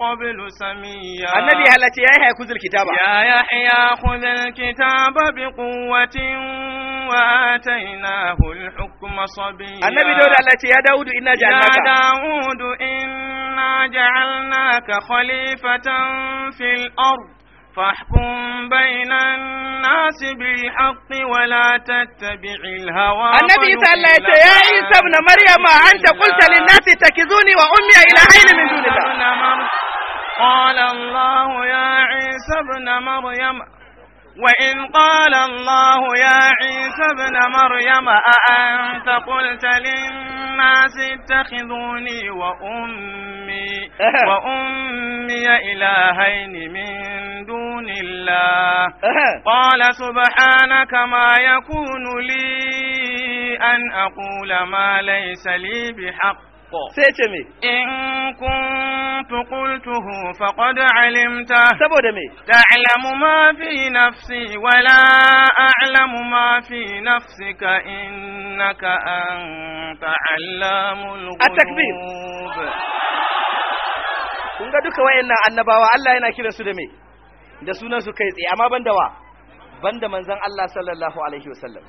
قبل سميا النبي هل يا يحيى خذ
الكتاب يا
يحيى خذ الكتاب بقوة وآتيناه الحكم صبيا النبي داود الله يا داود
إنا جعلناك يا داود
إنا جعلناك خليفة خليفة في الأرض فاحكم بين الناس بالحق ولا تتبع الهوى النبي صلى الله عليه وسلم يا عيسى ابن مريم أنت قلت للناس
اتخذوني وأمي إلهين من دون
الله قال الله يا عيسى ابن مريم وإن قال الله يا عيسى ابن مريم أأنت قلت للناس اتخذوني وأمي وأمي وأمي إلهين من دون الله قال سبحانك ما يكون لي أن أقول ما ليس لي بحق sai me in kuntu qultuhu faqad alimta saboda me ta'lamu ma fi nafsi wa la a'lamu ma fi nafsika innaka anta allamul
ghuyub kun ga duka wayannan annabawa Allah yana kiran su da me da sunan su kai tsaye amma banda wa banda manzon Allah sallallahu alaihi wasallam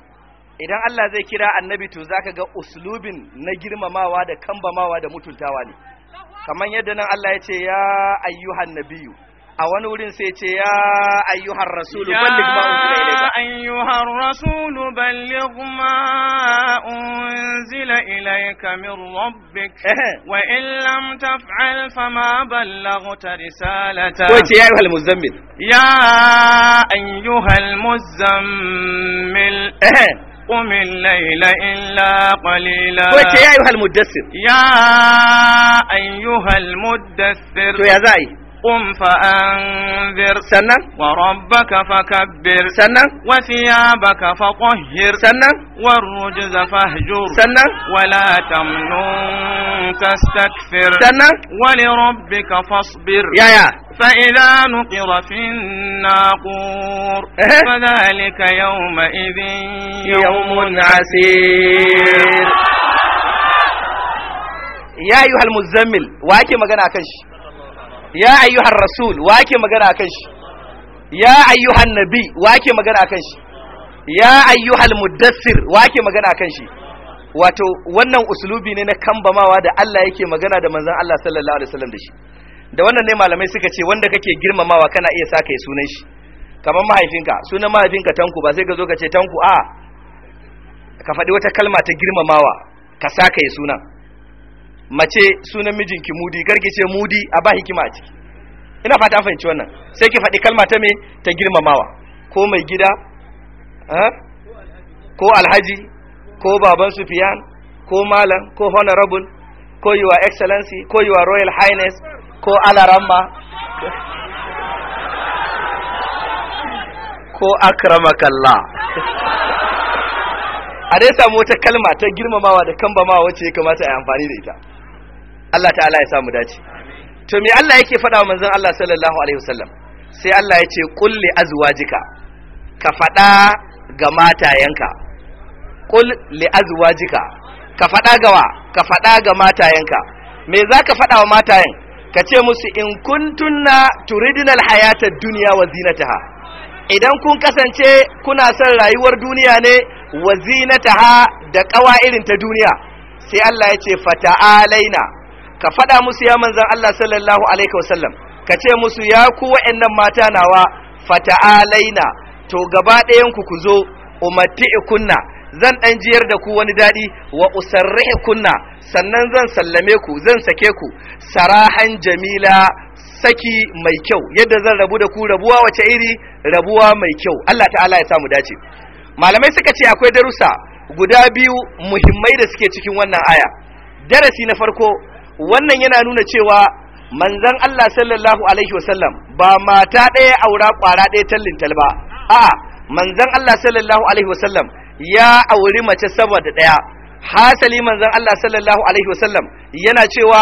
idan Allah zai kira annabi to zaka ga uslubin na girmamawa da kambamawa da mutuntawa ne kamar yadda nan Allah ya ce ya ayyuhan nabiyyu a wani wurin sai ce ya ayyuhar rasulu balligh ma unzila ilayka ya ayyuhar
rasulu balligh ma unzila ilayka min rabbik wa in lam taf'al fama ballaghta risalata ko ce ya ayyuhal muzammil ya ayyuhal muzammil قم الليل إلا قليلا يا أيها
المدثر يا
أيها المدثر يا زاي قم فأنذر سنة وربك فكبر سنة وثيابك فطهر سنة والرجز فاهجر سنة ولا تمنن تستكثر سنة ولربك فاصبر يا يا فإذا نقر في الناقور فذلك يومئذ
يوم عسير يا أيها المزمل وأكي مغنى أكنش ya ayyuhan rasul wa magana akan shi ya ayyuhan nabi wa ake magana akan shi ya ayyuhal mudassir wa magana akan shi wato wannan uslubi ne na kambamawa da Allah yake magana da manzon Allah sallallahu alaihi wasallam da shi da wannan ne malamai suka ce wanda kake girmamawa kana iya sa kayi sunan shi kamar mahaifinka sunan mahaifinka tanku ba sai ka zo ka ce tanku a ka faɗi wata kalma ta girmamawa ka sa sunan mace sunan mijinki mudi garki ce mudi a ba hikima a ciki ina fata fahimci wannan sai ki faɗi kalma ta me ta girmamawa ko mai gida ko alhaji ko baban sufiyan ko malam ko honorable ko your excellency ko your royal highness ko alaramma ko akramakallah a dai samu wata kalma ta girmamawa da kambamawa wacce ya kamata a yi amfani da ita Allah ta'ala ya samu dace to me Allah yake faɗa wa manzon Allah sallallahu alaihi wasallam sai Allah ya ce kulli azwajika ka faɗa ga matayenka kul li azwajika ka faɗa ga wa ka faɗa ga matayenka me zaka faɗa wa matayen ka ce musu in kuntunna turidinal hayata duniya wa zinataha idan kun kasance kuna son rayuwar duniya ne wa zinataha da kawa irin ta duniya sai Allah ya ce fata'alaina ka faɗa musu ya manzan Allah sallallahu alaihi wasallam ka ce musu ya ku wa'annan mata nawa fata'alaina to gaba ɗayan ku ku zo umatti ikunna. zan ɗan jiyar da ku wani daɗi wa usarrihi kunna sannan zan sallame ku zan sake ku sarahan jamila saki mai kyau yadda zan rabu da ku rabuwa wace iri rabuwa mai kyau Allah ta'ala ya samu dace malamai suka ce akwai darussa guda biyu muhimmai da suke cikin wannan aya darasi na farko wannan yana nuna cewa manzan Allah sallallahu alaihi wasallam ba mata ɗaya aura ƙwara ɗaya tallintal ba a manzan Allah sallallahu alaihi wasallam ya auri mace sama da ɗaya hasali manzan Allah sallallahu alaihi wasallam yana cewa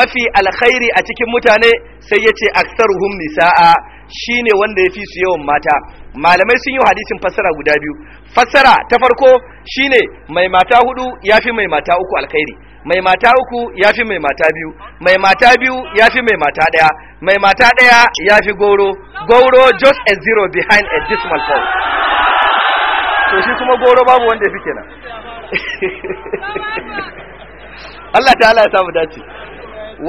mafi alkhairi a cikin mutane sai ya ce aksaruhum nisa'a shine wanda ya fi su yawan mata malamai sun yi hadisin fassara guda biyu fassara ta farko shine mai mata hudu ya fi mai mata uku alkhairi mai mata uku ya fi mai mata biyu mai mata biyu ya fi mai mata ɗaya mai mata ɗaya ya fi goro goro just a zero behind a decimal point to shi kuma goro babu wanda ya fi kenan Allah ta ya samu dace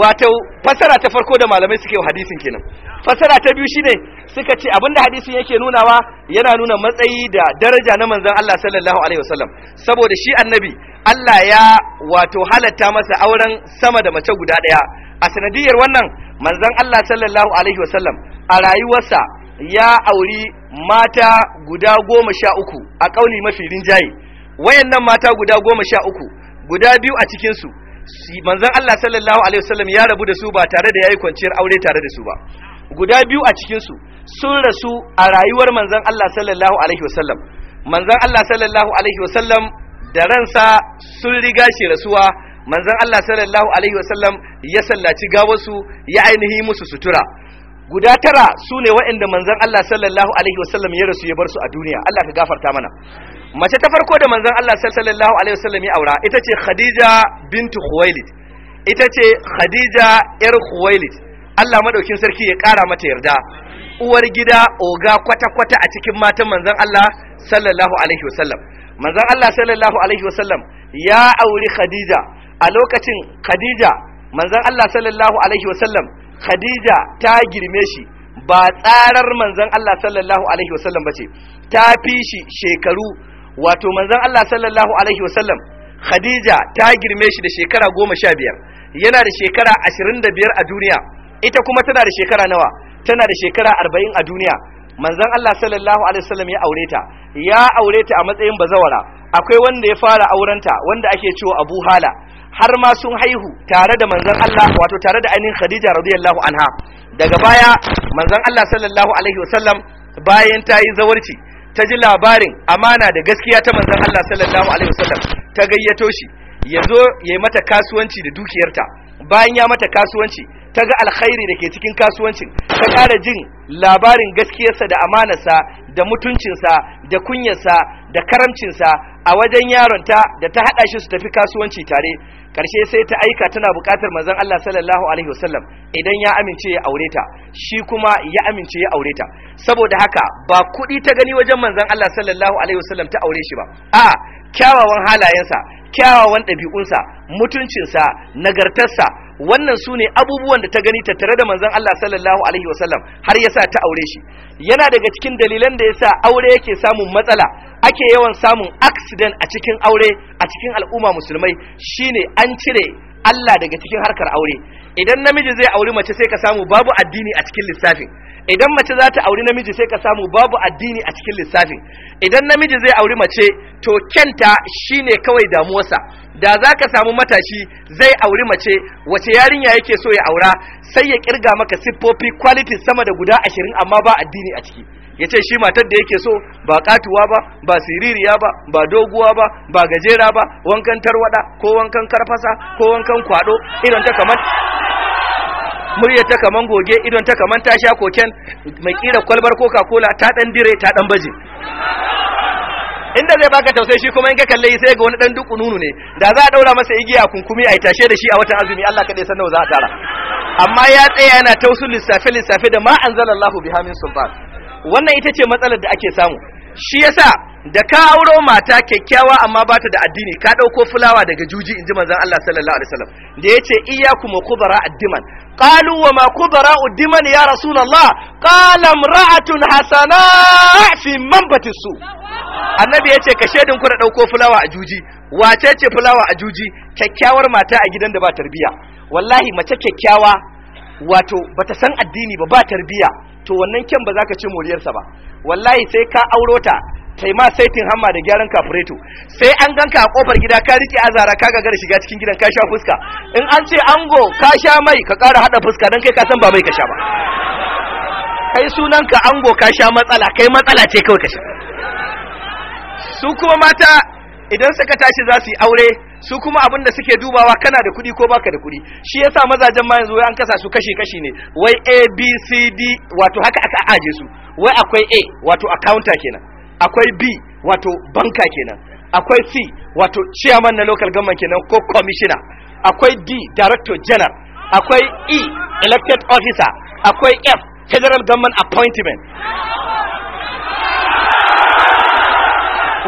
wato fasara ta farko da malamai suke wa hadisin kenan fasara ta biyu shine suka ce abinda hadisin yake nunawa yana nuna matsayi da daraja na manzon Allah sallallahu alaihi wasallam saboda shi annabi Allah ya wato halatta masa auren sama da mace guda daya a sanadiyar wannan manzon Allah sallallahu alaihi wasallam a rayuwarsa ya auri mata guda goma sha uku a kauli mafi rinjaye wayannan mata guda goma sha uku guda biyu a cikinsu manzon Allah sallallahu alaihi wasallam ya rabu da su ba tare da yayi kwanciyar aure tare da su ba guda biyu a cikin su sun rasu a rayuwar manzon Allah sallallahu alaihi wasallam manzon Allah sallallahu alaihi wasallam da ransa sun riga shi rasuwa manzon Allah sallallahu alaihi wasallam ya sallaci gawarsu ya ainihi musu sutura guda tara su ne waɗanda manzan Allah sallallahu alaihi wasallam ya rasu ya bar su a duniya Allah ka gafarta mana mace ta farko da manzan Allah sallallahu alaihi wasallam ya aura ita ce Khadija bintu Khuwailid ita ce Khadija yar Khuwailid Allah madaukin sarki ya ƙara mata yarda uwar gida oga kwata-kwata a cikin matan manzan Allah sallallahu alaihi wasallam manzan Allah sallallahu alaihi wasallam ya auri Khadija a lokacin Khadija manzan Allah sallallahu alaihi wasallam khadija ta girme shi ba tsarar manzon Allah sallallahu alaihi wasallam bace ta fi shi shekaru wato manzon Allah sallallahu alaihi wasallam khadija ta girme shi da shekara goma sha biyar yana da shekara ashirin da biyar a duniya ita kuma tana da shekara nawa tana da shekara arba'in a duniya manzon Allah sallallahu alaihi wasallam ya aure ta ya aure ta a matsayin bazawara akwai wanda ya fara aurenta wanda ake cewa Abu Hala har ma sun haihu tare da manzon Allah wato tare da ainihin Khadija radiyallahu anha daga baya manzon Allah sallallahu alaihi wasallam bayan ta yi zawarci ta ji labarin amana da gaskiya ta manzon Allah sallallahu alaihi wasallam ta gayyato shi ya zo ya yi mata kasuwanci da dukiyarta bayan ya mata kasuwanci ta ga alkhairi da ke cikin kasuwancin ta ƙara jin labarin gaskiyarsa da amanarsa da mutuncinsa da kunyarsa da karamcinsa a wajen yaronta da ta haɗa shi su tafi kasuwanci tare karshe sai ta aika tana bukatar manzon Allah sallallahu alaihi wasallam idan ya amince ya aure ta shi kuma ya amince ya aure ta saboda haka ba kuɗi ta gani wajen manzon Allah sallallahu alaihi wasallam ta aure shi ba a kyawawan halayensa kyawawan ɗabi'unsa mutuncinsa nagartarsa wannan su ne abubuwan da ta gani tattare da manzon Allah sallallahu alaihi wasallam har yasa ta aure shi yana daga cikin dalilan da yasa aure yake samun matsala ake yawan samun accident a cikin aure a cikin al'umma musulmai shine an cire Allah daga cikin harkar aure idan namiji zai auri mace sai ka samu babu addini a cikin lissafin idan mace za ta auri namiji sai ka samu babu addini a cikin lissafin idan namiji zai auri mace to kyanta shine kawai damuwarsa da za ka samu matashi zai auri mace wace yarinya yake so ya aura sai ya kirga maka siffofi quality sama da guda ashirin amma ba addini a ciki ya ce shi matar da yake so ba katuwa ba ba siririya ba ba doguwa ba ba gajera ba wankan tarwada ko wankan karfasa ko wankan kwado idan ta kamar muryar ta kamar goge idan ta kamar tasha koken mai kira kwalbar coca cola ta dan dire ta dan baje inda zai baka tausayi shi kuma in ka kalle sai ga wani dan duk nunu ne da za a daura masa igiya kunkumi a tashe da shi a watan azumi Allah kadai san nawa za a tara amma ya tsaya yana tausul lissafe lissafe da ma anzalallahu biha min sultan wannan ita ce matsalar da ake samu shi yasa da ka auro mata kyakkyawa amma ba ta da addini ka ɗauko fulawa daga juji in ji manzon Allah sallallahu alaihi wasallam da yace iyyakum wa kubara addiman qalu wa ma kubara addiman ya rasulullah qala imra'atun hasana fi manbati su annabi ce, ka shedin ku da ɗauko fulawa a juji wace ce fulawa a juji kyakkyawar mata a gidan da ba tarbiya wallahi mace kyakkyawa wato bata san addini ba ba tarbiya to wannan kyan ba za ka ci moriyarsa ba wallahi sai ka auro ta ma saitin hamma da gyaran kafureto sai an ganka a kofar gida ka rike azara ka gagara shiga cikin gidan ka sha fuska in an ce ango ka sha mai ka ƙara hada fuska dan kai ka san ba mai ka sha ba kai sunan ka ango ka sha matsala kai matsala ce kawai ka sha su kuma mata idan suka tashi za su yi aure su kuma abin da suke dubawa kana da kuɗi ko baka da kuɗi shi yasa mazajen ma yanzu an kasa su kashi kashi ne wai a b c d wato haka aka aje su wai akwai a wato accountant kenan akwai b wato banka kenan akwai c wato chairman na local government kenan ko commissioner akwai d director general akwai e elected officer akwai f federal government appointment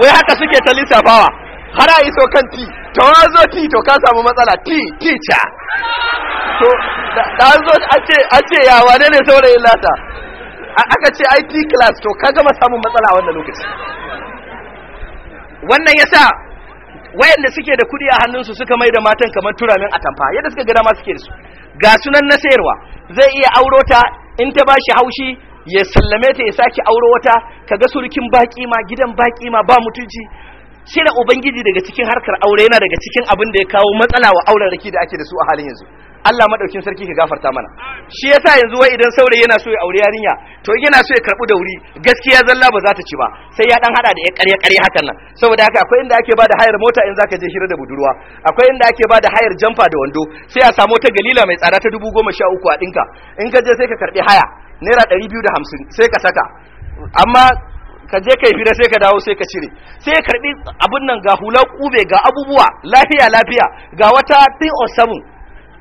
wai haka suke ta lissafawa har a iso kan ti to an zo ti to ka samu matsala ti teacher to da zo a ce ya wane ne saurayin lata aka ce IT class to ka gama samun matsala a wannan lokaci wannan yasa wayanda suke da kudi a hannunsu suka mai da matan kamar turamin atamfa yadda suka gada ma suke da su ga sunan na sayarwa zai iya auro ta in ta bashi haushi ya sallame ta ya sake auro wata kaga surukin baki ma gidan baki ma ba mutunci cire ubangiji daga cikin harkar aure yana daga cikin abin da ya kawo matsala wa auren raki da ake da su a halin yanzu Allah madaukin sarki ka gafarta mana shi yasa yanzu wai idan saurayi yana so ya aure yarinya to yana so ya karbu da wuri gaskiya zalla ba za ta ci ba sai ya dan hada da ya ƙarya ƙarya hakan nan saboda haka akwai inda ake bada hayar mota in zaka je hira da budurwa akwai inda ake bada hayar jamfa da wando sai a samu ta galila mai tsada ta dubu goma sha uku a ɗinka in ka je sai ka karbi haya naira ɗari biyu da hamsin sai ka saka amma ka je kai fira sai ka dawo sai ka cire sai karbi abun nan ga hula kube ga abubuwa lafiya lafiya ga wata 307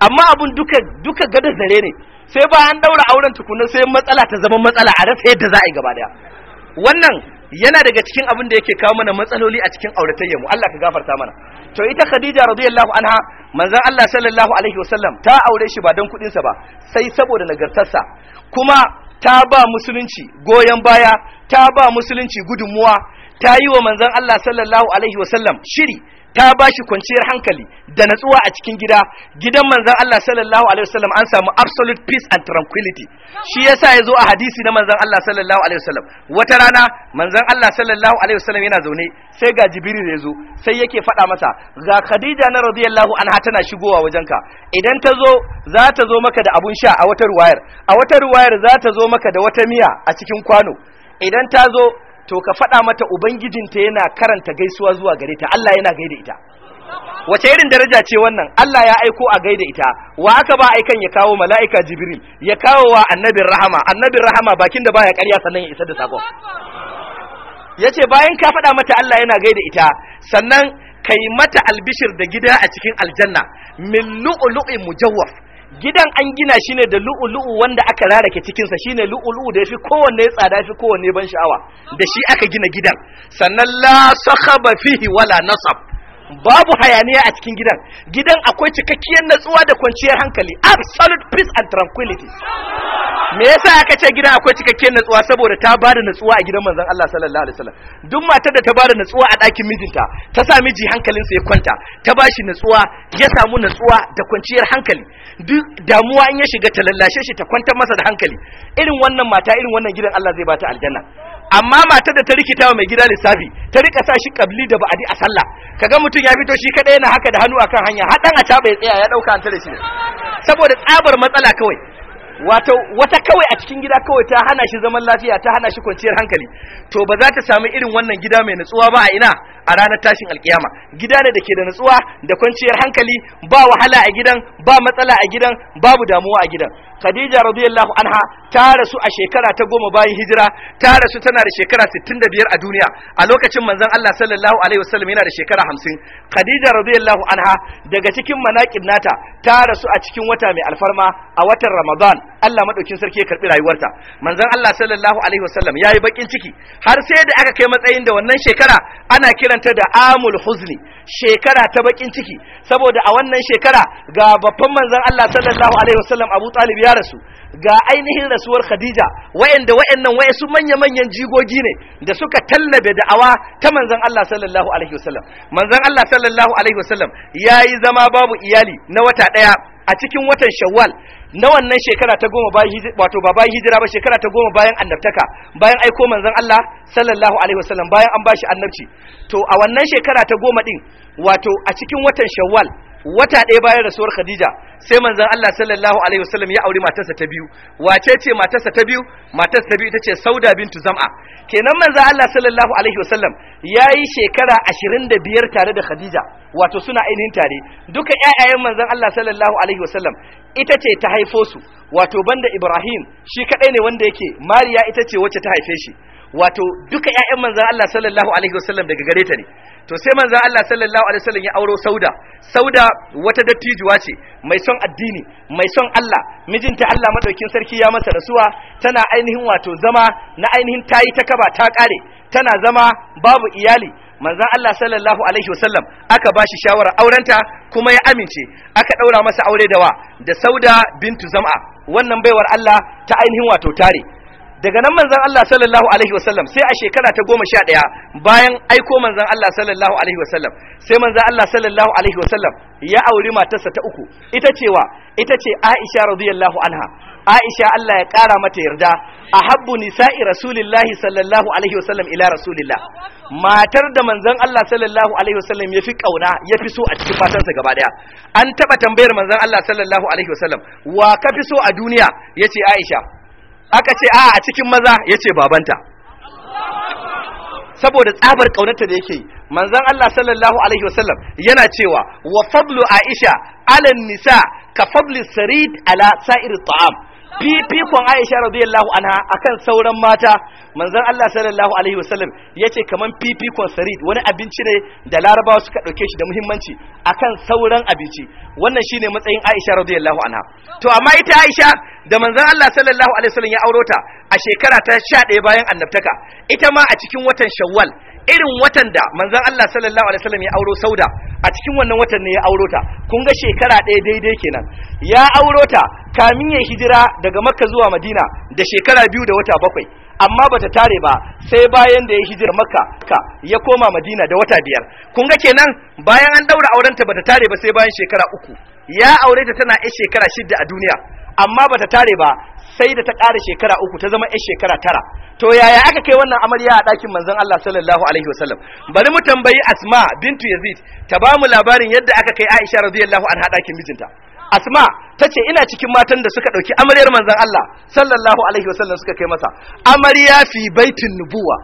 amma abun duka duka gada zare ne sai ba an daura auren tukunna sai matsala ta zama matsala a rasa yadda za a yi gaba daya wannan yana daga cikin abin da yake kawo mana matsaloli a cikin ya mu Allah ka gafarta mana to ita Khadija radiyallahu anha manzon Allah sallallahu alaihi wasallam ta aure shi ba dan kudin sa ba sai saboda nagartarsa kuma ta ba musulunci goyon baya ta ba musulunci gudunmuwa ta yi wa manzon Allah sallallahu alaihi wasallam shiri ta ba shi kwanciyar hankali da natsuwa a cikin gida gidan manzon Allah sallallahu alaihi wasallam an samu absolute peace and tranquility shi yasa ya zo a hadisi na manzon Allah sallallahu alaihi wasallam wata rana manzon Allah sallallahu alaihi wasallam yana zaune sai ga Jibril ya zo sai yake faɗa masa ga Khadija na radiyallahu anha tana shigowa wajenka idan ta zo za ta zo maka da abun sha a wata ruwayar a wata ruwayar za ta zo maka da wata miya a cikin kwano idan ta zo to ka faɗa mata ubangijinta yana karanta gaisuwa zuwa gare ta Allah yana gaida ita wace irin daraja ce wannan Allah ya aiko a gaida ita wa aka ba aikan ya kawo mala'ika jibril ya kawo wa annabin rahama annabin rahama bakin da baya karya sannan ya isa da Ya yace bayan ka faɗa mata Allah yana gaida ita sannan kai mata albishir da gida a cikin aljanna min lu'lu'in mujawwaf gidan an gina shi ne da lu'ulu'u wanda aka rarake cikinsa shi ne lu'ulu'u da ya fi kowanne tsada fi kowanne ban sha'awa da shi aka gina gidan sannan la sakhaba fihi wala nasab babu hayaniya a cikin gidan gidan akwai cikakkiyar natsuwa da kwanciyar hankali absolute peace and tranquility me yasa aka ce gidan akwai cikakkiyar natsuwa saboda ta bada natsuwa a gidan manzon Allah sallallahu alaihi wasallam duk matar da ta bada natsuwa a ɗakin mijinta ta sa miji hankalinsa ya kwanta ta bashi natsuwa ya samu natsuwa da kwanciyar hankali duk damuwa in ya shiga ta lallashe shi ta kwantar masa da hankali irin wannan mata irin wannan gidan Allah zai bata aljanna amma matar da ta rikita wa mai gida lissafi ta rika sa shi kabli da ba'adi a sallah Ka kaga mutum ya fito shi kadai yana haka da hannu akan hanya har ɗan caba ya tsaya ya dauka an tare shi saboda tsabar matsala kawai wato wata kawai a cikin gida kawai ta hana shi zaman lafiya ta hana shi kwanciyar hankali to ba za ta samu irin wannan gida mai nutsuwa ba a ina a ranar tashin alkiyama gida ne da ke da nutsuwa da kwanciyar hankali ba wahala a gidan ba matsala a gidan babu damuwa a gidan khadija radiyallahu anha ta rasu a shekara ta goma bayan hijira ta rasu tana da shekara 65 a duniya a lokacin manzon Allah sallallahu alaihi wasallam yana da shekara 50 khadija radiyallahu anha daga cikin manaqib nata ta rasu a cikin wata mai alfarma a watan ramadan Allah madaukin sarki ya karbi rayuwarta manzon Allah sallallahu alaihi wasallam yayi bakin ciki har sai da aka kai matsayin da wannan shekara ana kiranta da amul huzni shekara ta bakin ciki saboda a wannan shekara ga babban manzon Allah sallallahu alaihi wasallam Abu Talib ya rasu ga ainihin rasuwar Khadija wayanda wayannan waye su manya manyan jigogi ne da suka tallabe da'awa ta manzon Allah sallallahu alaihi wasallam manzon Allah sallallahu alaihi wasallam yayi zama babu iyali na wata daya a cikin watan shawwal na wannan shekara ta goma bayan hijira wato ba bayan hijira ba shekara ta goma bayan annabtaka bayan aiko manzon Allah sallallahu alaihi wasallam bayan an bashi annabci to a wannan shekara ta goma din wato a cikin watan shawwal wata ɗaya bayan rasuwar Khadija sai manzon Allah sallallahu alaihi wasallam ya auri matarsa ta biyu wace ce matarsa ta biyu matarsa ta biyu ita ce Sauda bintu Zam'a kenan manzon Allah sallallahu alaihi wasallam yayi shekara 25 tare da Khadija wato suna ainihin tare duka ƴaƴayen manzon Allah sallallahu alaihi wasallam ita ce ta haifo su wato banda Ibrahim shi kadai ne wanda yake Mariya ita ce wacce ta haife shi wato duka ƴaƴan manzon Allah sallallahu alaihi wasallam daga gare ta ne to sai manzon Allah sallallahu alaihi wasallam ya auro Sauda Sauda wata dattijuwa ce mai son addini mai son Allah mijinta Allah madaukin sarki ya masa rasuwa tana ainihin wato zama na ainihin tayi ta kaba ta kare tana zama babu iyali manzan Allah sallallahu alaihi wasallam aka ba shi shawara aurenta kuma ya amince aka ɗaura masa aure da wa da sauda bintu zam'a wannan baiwar Allah ta ainihin wato tare daga nan manzon Allah sallallahu alaihi wasallam sai a shekara ta goma sha ɗaya bayan aiko manzon Allah sallallahu alaihi wasallam sai manzon Allah sallallahu alaihi wasallam ya auri matarsa ta uku ita cewa ita ce Aisha radiyallahu anha Aisha Allah ya ƙara mata yarda a habbu nisa'i rasulillahi sallallahu alaihi wasallam ila rasulillah matar da manzon Allah sallallahu alaihi wasallam ya fi kauna ya fi so a cikin fatansa gaba daya an taba tambayar manzon Allah sallallahu alaihi wasallam wa ka fi so a duniya yace Aisha aka ce a a cikin maza ya ce babanta saboda tsabar ƙaunarta da yake manzan Allah sallallahu alaihi wasallam yana cewa wa fablu aisha ala nisa ka fabli sarid ala sa'ir ta'am fifikon Aisha radiyallahu anha akan sauran mata manzon Allah sallallahu alaihi wasallam yace kaman fifikon sarid wani abinci ne da larabawa suka dauke shi da muhimmanci akan sauran abinci wannan shine matsayin Aisha radiyallahu anha to amma ita Aisha da manzon Allah sallallahu alaihi wasallam ya auro ta a shekara ta 11 bayan annabtaka ita ma a cikin watan Shawwal irin watan da manzon Allah sallallahu alaihi wasallam ya auro Sauda a cikin wannan watan ne ya auro ta kun ga shekara ɗaya daidai kenan ya auro ta kamin ya hijira daga Makka zuwa Madina da shekara biyu da wata bakwai amma bata tare ba sai bayan da ya hijira Makka ka ya koma Madina da wata biyar kun ga kenan bayan an daura aurenta bata tare ba sai bayan shekara uku ya aure ta tana 'yar shekara shidda a duniya amma bata tare ba sai da ta ƙara shekara uku ta zama 'yan shekara tara to yaya aka kai wannan amarya a ɗakin manzon Allah sallallahu alaihi wasallam bari mu tambayi Asma bintu Yazid ta ba mu labarin yadda aka kai Aisha radiyallahu anha ɗakin mijinta Asma ta ce ina cikin matan da suka ɗauki amaryar manzon Allah sallallahu alaihi wasallam suka kai masa amarya fi baitin nubuwa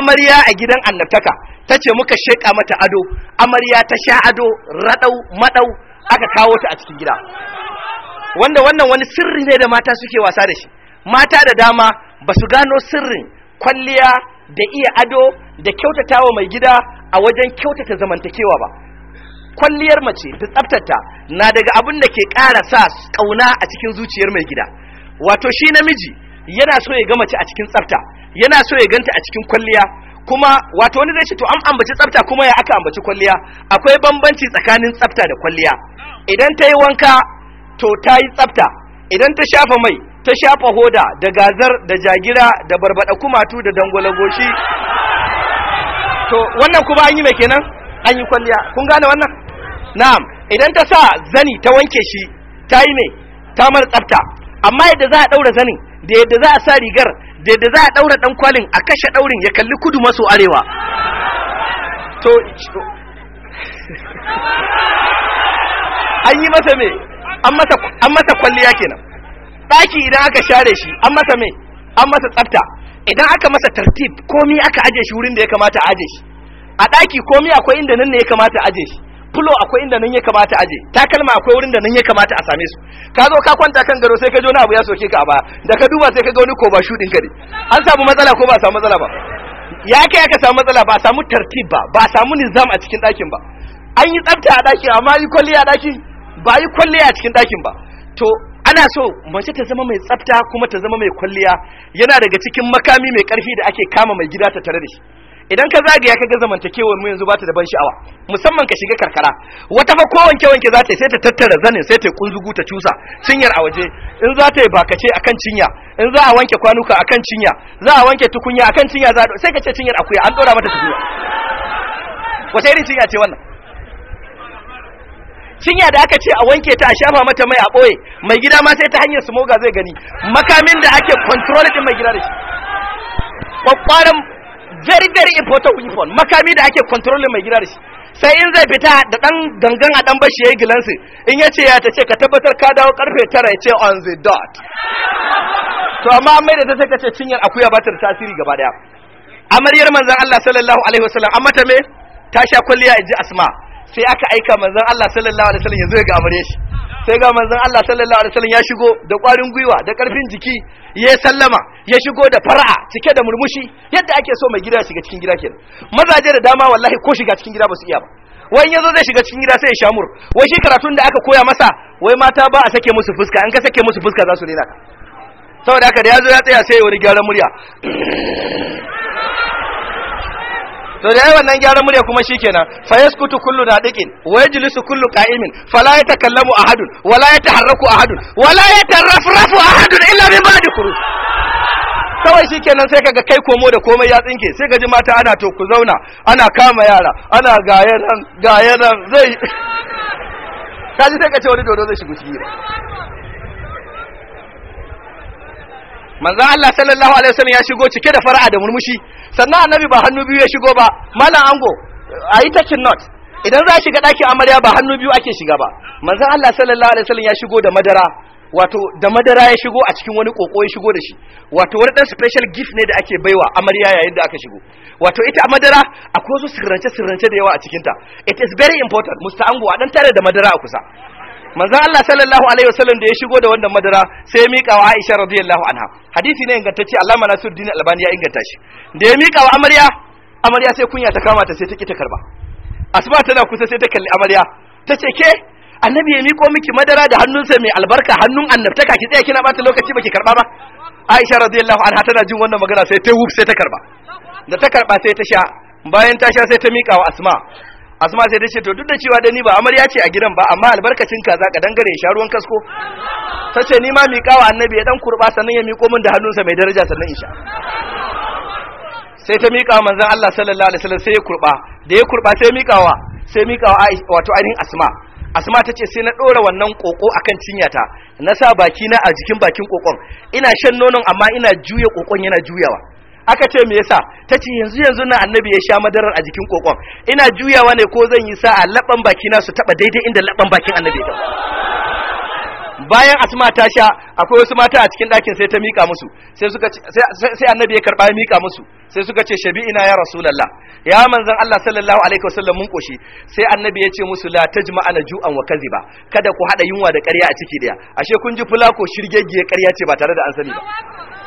amarya a gidan annabtaka ta ce muka sheƙa mata ado amarya ta sha ado raɗau maɗau aka kawo ta a cikin gida wanda wannan wani sirri ne da mata suke wasa da shi mata da dama ba su gano sirrin kwalliya da iya ado da kyautatawa mai gida a wajen kyautata zamantakewa ba kwalliyar mace da tsaftata na daga abin da ke ƙara sa kauna a cikin zuciyar mai gida wato shi namiji yana so ya ga mace a cikin tsabta yana so ya ganta a cikin kwalliya kuma wato wani zai ce to an ambaci tsafta kuma ya aka ambaci kwalliya akwai bambanci tsakanin tsafta da kwalliya idan ta yi wanka to ta yi tsafta idan ta shafa mai ta shafa hoda da gazar da jagira da barbada kumatu da dangwala goshi to wannan kuma an yi mai kenan an yi kwalliya kun gane wannan na'am idan ta sa zani ta wanke shi ta yi ne ta mara tsafta amma yadda za a daura zanin da yadda za a sa rigar da yadda za a daura dan kwalin a kashe daurin ya kalli kudu maso arewa to an yi masa mai. an masa kwalliya kenan ɗaki idan aka share shi an masa mai an masa tsafta idan aka masa tartib komi aka aje shi wurin da ya kamata aje shi a ɗaki komi akwai inda nan ne ya kamata aje shi fulo akwai inda nan ya kamata aje takalma akwai wurin da nan ya kamata a same su ka zo ka kwanta kan gado sai ka ji wani abu ya soke ka a baya da ka duba sai ka ga wani ko ba shudin ka ne an samu matsala ko ba samu matsala ba ya kai aka samu matsala ba samu tartib ba ba samu nizam a cikin ɗakin ba an yi tsafta a ɗakin amma yi kwalliya a ɗakin ba yi kwalliya a cikin ɗakin ba to ana so mace ta zama mai tsafta kuma ta zama mai kwalliya yana daga cikin makami mai ƙarfi da ake kama mai gida ta tare da shi idan ka zagaya ka ga zamantakewar mu yanzu ba ta da ban sha'awa musamman ka shiga karkara wata fa ko wanke wanke za ta sai ta tattara zanin sai ta kunzugu ta cusa cinyar a waje in za ta yi bakace akan cinya in za a wanke kwanuka akan cinya za a wanke tukunya akan cinya za sai ka ce cinyar akuya an dora mata tukunya wata irin cinya ce wannan cinya da aka ce a wanke ta a shafa mata mai a ɓoye mai gida ma sai ta hanyar smoga zai gani makamin da ake control din mai gida da shi kwakwaran very very important uniform makami da ake control mai gida da shi sai in zai fita da dan gangan a dan bashi yayi gilansu in ya ce ya ta ce ka tabbatar ka dawo karfe tara ya ce on the dot to amma mai da ta sai ka ce cinyar akuya ba ta tasiri gaba daya amaryar manzon Allah sallallahu alaihi wasallam amma ta me ta sha kulliya ji asma' sai aka aika manzon Allah sallallahu alaihi wasallam ya zo ya gabare shi sai ga manzon Allah sallallahu alaihi wasallam ya shigo da ƙwarin gwiwa da ƙarfin jiki ya sallama ya shigo da fara'a cike da murmushi yadda ake so mai gida shiga cikin gida kenan mazaje da dama wallahi ko shiga cikin gida ba su iya ba wani yazo zai shiga cikin gida sai ya shamur wai shi karatun da aka koya masa wai mata ba a sake musu fuska in ka sake musu fuska za su rena ka saboda haka da yazo ya tsaya sai ya wani gyaran murya to da yawan nan gyaran murya kuma shikenan fa yaskutu kullu nadiqin wa yajlisu kullu qa'imin fala yatakallamu ahadun wala yataharraku ahadun wala yatarrafrafu ahadun illa bi ba'di kuru kawai shikenan sai kaga kai komo da komai ya tsinke sai gaji mata ana to ku zauna ana kama yara ana gaye nan zai kaji sai kace wani dodo zai shigo ciki manzo Allah sallallahu alaihi wasallam ya shigo cike da fara'a da murmushi sannan annabi ba hannu biyu ya shigo ba malam ango a yi taking not idan za shiga ɗakin amarya ba hannu biyu ake shiga ba manzon Allah sallallahu alaihi wasallam ya shigo da madara wato da madara ya shigo a cikin wani koko ya shigo da shi wato wani dan special gift ne da ake baiwa amarya yayin da aka shigo wato ita madara akwai wasu sirrance sirrance da yawa a cikinta it is very important musta ango a dan tare da madara a kusa manzon Allah sallallahu alaihi wasallam da ya shigo da wannan madara sai ya mika wa Aisha radiyallahu anha hadisi ne ingantacce Allama Nasiruddin Albani ya inganta shi da ya mika wa amarya amarya sai kunya ta kama ta sai ta ki ta karba asma tana kusa sai ta kalli amarya ta ce ke annabi ya miko miki madara da hannunsa mai albarka hannun annabtaka ki tsaya kina bata lokaci baki karba ba Aisha radiyallahu anha tana jin wannan magana sai ta wuf sai ta karba da ta karba sai ta sha bayan ta sha sai ta mika wa Asma asma sai dace to duk da cewa da ni ba amarya ce a gidan ba amma albarkacin kaza ka dangare ya ruwan kasko ta ce ni ma miƙawa annabi ya dan kurba sannan ya miƙo min da hannunsa mai daraja sannan in sha sai ta miƙa manzon Allah sallallahu alaihi wasallam sai ya kurba da ya kurba sai miƙawa sai miƙawa wato ainihin asma asma tace sai na ɗora wannan koko a kan ta, na sa bakina a jikin bakin kokon ina shan nonon amma ina juya ƙoƙon yana juyawa aka ce me yasa ta ce yanzu yanzu na annabi ya sha madarar a jikin kokon ina juyawa ne ko zan yi sa'a laban baki na su taba daidai inda laban bakin annabi ta bayan asma ta sha akwai wasu mata a cikin ɗakin sai ta mika musu sai suka sai annabi ya karba ya mika musu sai suka ce shabi'ina ya rasulullah ya manzon Allah sallallahu alaihi wasallam mun koshi sai annabi ya ce musu la ana ju'an wa kaziba kada ku hada yunwa da ƙarya a ciki daya ashe kun ji fulako shirgeggiye ƙarya ce ba tare da an sani ba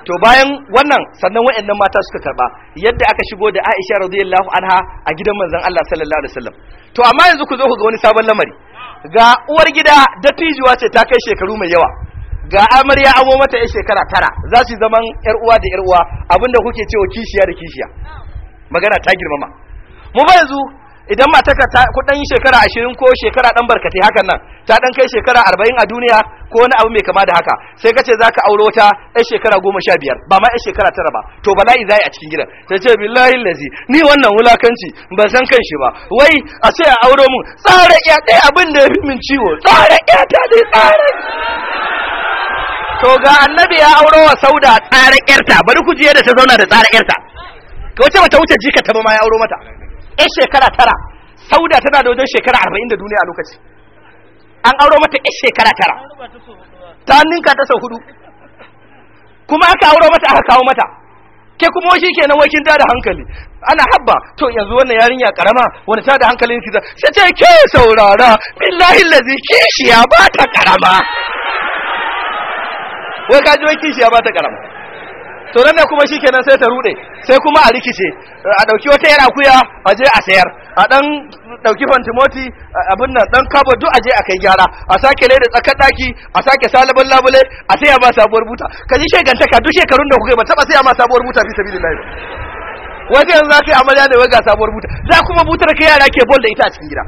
to bayan wannan sannan wayannan mata suka karba yadda aka shigo da Aisha radiyallahu anha a gidan manzon Allah sallallahu alaihi wasallam to amma yanzu ku zo ku ga wani sabon lamari ga uwar gida dattijuwa ce ta kai shekaru mai yawa ga amarya amo mata ya shekara tara za su zaman yar uwa da yar uwa abinda kuke cewa kishiya da kishiya magana ta girmama mu ba yanzu idan matarka ta kudin shekara ashirin ko shekara dan barkate hakan nan ta dan kai shekara arba'in a duniya ko wani abu mai kama da haka sai ka ce za ka auro ta yan shekara goma sha biyar ba ma yan shekara tara ba to bala'i zai a cikin gidan ta ce billahi lazi ni wannan wulakanci ban san kan shi ba wai a ce a auro mun tsara iya ɗaya abin da ya fi min ciwo tsara iya ta dai tsara to ga annabi ya auro wa sauda tsara yarta bari ku je da ta zauna da tsara yarta ka wace mata wuce jika ta ba ma ya auro mata 'yan shekara tara sauda tana da wajen shekara arba'in da duniya a lokaci an auro mata 'yan shekara tara ta ninka ta sau hudu kuma aka auro mata aka kawo mata ke kuma shi kenan nan wakin da hankali ana habba to yanzu wannan yarinya karama wani ta da hankalin ki sai ce ke saurara billahi lazi kishiya ba ta wai ka ji wai kishiya ba ta karama to nan ne kuma shikenan sai ta rude sai kuma a rikice a dauki wata yara akuya a je a sayar a dan dauki fantimoti abin nan dan kaba duk a je a kai gyara a sake leda tsakar daki a sake salabin labule a sai ba sabuwar buta ka ji shegantaka duk shekarun da kuka ba taba sai ma sabuwar buta fi sabilillah wajen yanzu za ka yi amarya da waga sabuwar buta za kuma butar ka yara ke bol da ita a cikin gida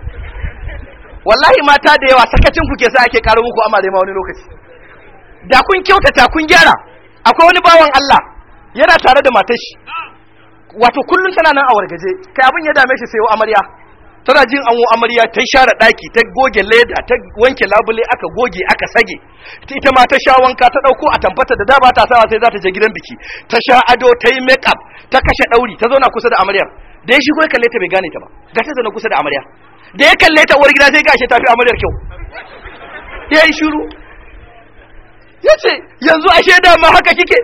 wallahi mata da yawa sakacin ku ke sa ake karo muku amare ma wani lokaci da kun kyautata kun gyara akwai wani bawan Allah yana tare da matar shi wato kullum tana nan a wargaje kai abin ya dame shi sai amarya tana jin an amarya ta share daki ta goge leda ta wanke labule aka goge aka sage ita ma ta sha wanka ta dauko a tambata da daba ta sawa sai za ta je gidan biki ta sha ado ta yi make up ta kashe dauri ta zauna kusa da amarya da ya shigo ya kalle ta bai gane ta ba ga ta zauna kusa da amarya da ya kalle ta uwar gida sai gashi ta fi amaryar kyau ya yi shiru ya ce yanzu ashe ma haka kike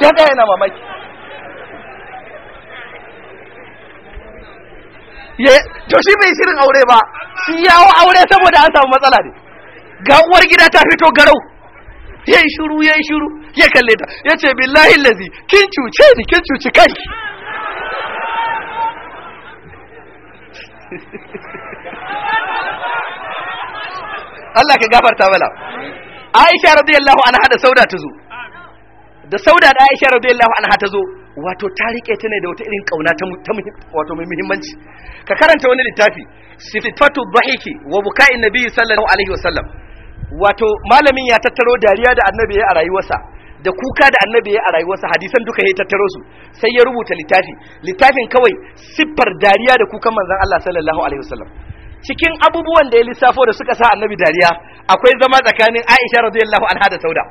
ya tsaya yana mamaki to shi bai shirin aure ba shi yawo aure saboda an samu matsala ne ga uwar gida ta fito garau ya yi shuru ya yi shuru ya kalle ta ya
ce billahi lazi kin cuce ni kin cuci kai
Allah ka gafarta mana Aisha radiyallahu anha da sauda ta zo da sauda da aisha radiyallahu anha ta zo wato ta rike ta ne da wata irin kauna ta wato mai muhimmanci ka karanta wani littafi sifatu dhahiki wa bukai nabi sallallahu alaihi wasallam wato malamin ya tattaro dariya da annabi ya a rayuwarsa da kuka da annabi ya a rayuwarsa hadisan duka ya tattaro su sai ya rubuta littafi littafin kawai siffar dariya da kukan manzon Allah sallallahu alaihi wasallam cikin abubuwan da ya lissafo da suka sa annabi dariya akwai zama tsakanin Aisha radiyallahu anha da Sauda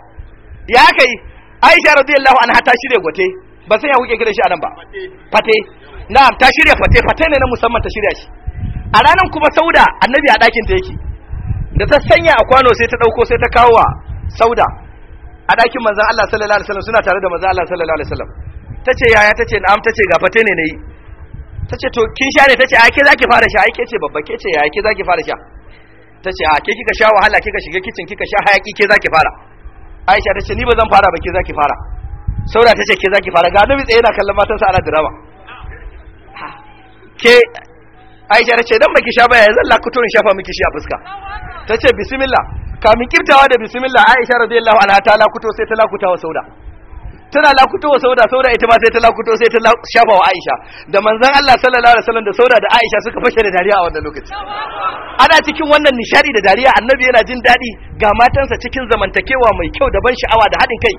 ya kai aisha radiyallahu anha ta shirya gote ba sai ya wuke gidan shi anan ba fate na'am ta shirya fate fate ne na musamman ta shirya shi a ranar kuma sauda annabi a ɗakin ta yake da ta sanya a kwano sai ta ɗauko sai ta kawo wa sauda a ɗakin manzan Allah sallallahu alaihi wasallam suna tare da manzan Allah sallallahu alaihi wasallam ta ce yaya ta ce na'am ta ce ga fate ne na yi ta ce to kin sha ne ta ce a ke za ki fara sha ai ke ce babba ke ce yaya ke za ki fara sha ta ce a ke kika sha wahala kika shiga kicin kika sha hayaki ke za ki fara aisha ta ce ni ba zan fara ba ke za ki fara saura ta ce ke za ki fara ga nabi tsaye yana kallon matansa ana drama ke aisha ta ce dan baki sha baya zan lakuto in shafa miki shi a fuska ta ce bismillah kamin kiftawa da bismillah aisha radiyallahu anha ta lakuto sai ta lakuta wa sauda tana lakutowa sauda sauda ita ma sai ta lakuto sai ta shafa wa Aisha da manzon Allah sallallahu alaihi wasallam da sauda da Aisha suka fashe da dariya a wannan lokaci ana cikin wannan nishadi da dariya annabi yana jin daɗi ga matansa cikin zamantakewa mai kyau da ban sha'awa da haɗin kai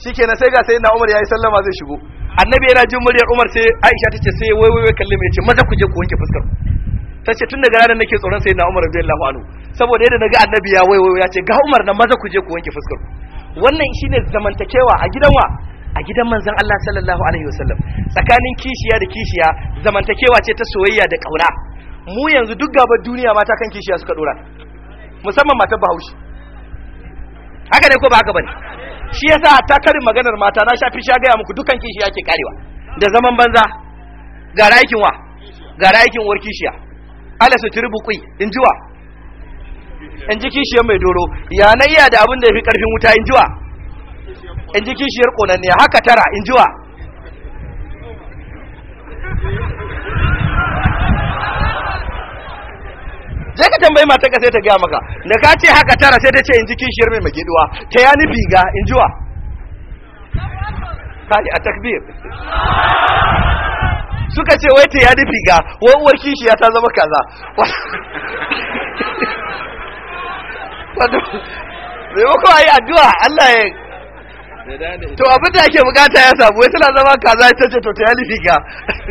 shikenan sai ga sai na Umar yayi sallama zai shigo annabi yana jin muryar Umar sai Aisha tace sai wai wai wai kalle mai ce maza ku je ku wanke fuskar tace tun daga ranar nake tsoron sai na Umar radiyallahu anhu saboda yadda naga annabi ya wai wai ya ce ga Umar nan maza ku je ku wanke fuskar wannan shine zamantakewa a gidan wa a gidan manzon Allah sallallahu alaihi wasallam tsakanin kishiya da kishiya zamantakewa ce ta soyayya da kauna mu yanzu duk gabar duniya mata kan kishiya suka dora musamman matan Bahaushe haka ne ko ba haka bane shi yasa ta karin maganar mata na shafi sha gaya muku dukan kishiya ke karewa da zaman banza ga raikin wa ga raikin war kishiya alasu injiwa in ji kishiyar mai doro ya na iya da abin da ya fi karfin wuta in jiwa in ji kishiyar konanne haka tara in jiwa zai ka tambayi mata ka sai ta gaya maka da ka ce haka tara sai ta ce in ji kishiyar mai magiduwa ta ya nufi ga in jiwa kali a takbir suka ce wai ta ya nufi ga wai uwar kishiya ta zama kaza maimako a yi addu'a Allah ya to abin da ake bukata ya samu wai tana zama kaza ta ce to ta yalifi ga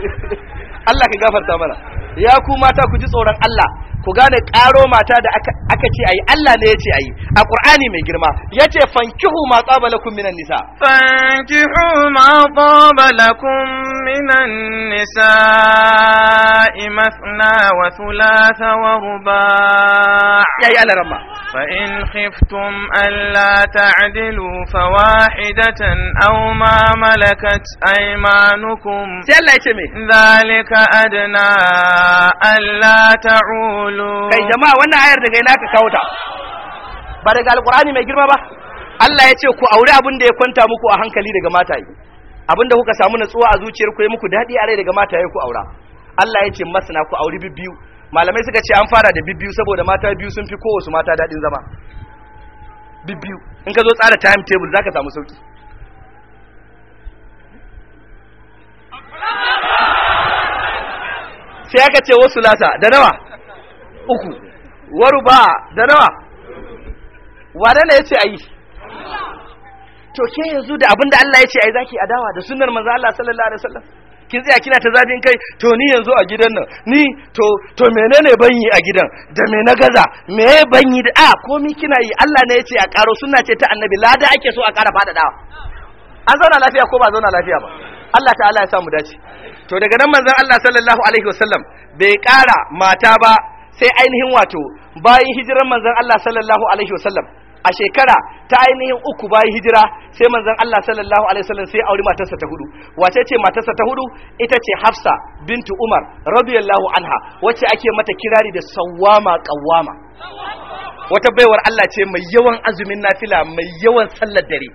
Allah ka gafarta mana ya ku mata ku ji tsoron Allah ku gane karo mata da aka ce a yi, Allah ne ya ce a yi, a Qur'ani mai girma ya ce fankihu ma tsaba lakum minan nisa fankihu ma tsaba lakum minan nisa
imathna wa thulatha wa ruba' yayi Allah ramma fa in khiftum alla ta'dilu fawahidatan aw ma malakat aymanukum sai Allah ya ce me dhalika
adna kai jama'a wannan ayar daga ina ka kawo ta ba daga alkurani mai girma ba Allah ya ce ku aure abin da ya kwanta muku a hankali daga yi abin da kuka samu natsuwa a zuciyar ku ya muku daɗi a rai daga yi ku aura Allah ya ce masana ku auri bibbiyu malamai suka ce an fara da bibbiyu saboda mata biyu sun fi kowace mata daɗin zama bibbiyu in ka zo tsara time table zaka samu sauki sai aka ce wasu lasa da nawa uku waru ba da nawa wane ne ya ce a yi to ke yanzu da abinda Allah ya ce a yi a adawa da sunar manzo Allah sallallahu alaihi wasallam kin tsaya kina ta zafin kai to ni yanzu a gidan nan ni to to menene ban yi a gidan da me na gaza me ban yi da a komi kina yi Allah ne ya ce a karo sunna ce ta annabi lada ake so a kara fadadawa an zauna lafiya ko ba zauna lafiya ba Allah ta'ala ya samu dace to daga nan manzon Allah sallallahu alaihi wasallam bai kara mata ba sai ainihin wato bayan hijirar manzon Allah sallallahu alaihi wasallam a shekara ta ainihin uku bayan hijira sai manzon Allah sallallahu alaihi wasallam sai auri matarsa ta hudu wace ce matarsa ta hudu ita ce Hafsa bintu Umar radiyallahu anha wacce ake mata kirari da sawwama qawwama wata baiwar Allah ce mai yawan azumin nafila mai yawan sallar dare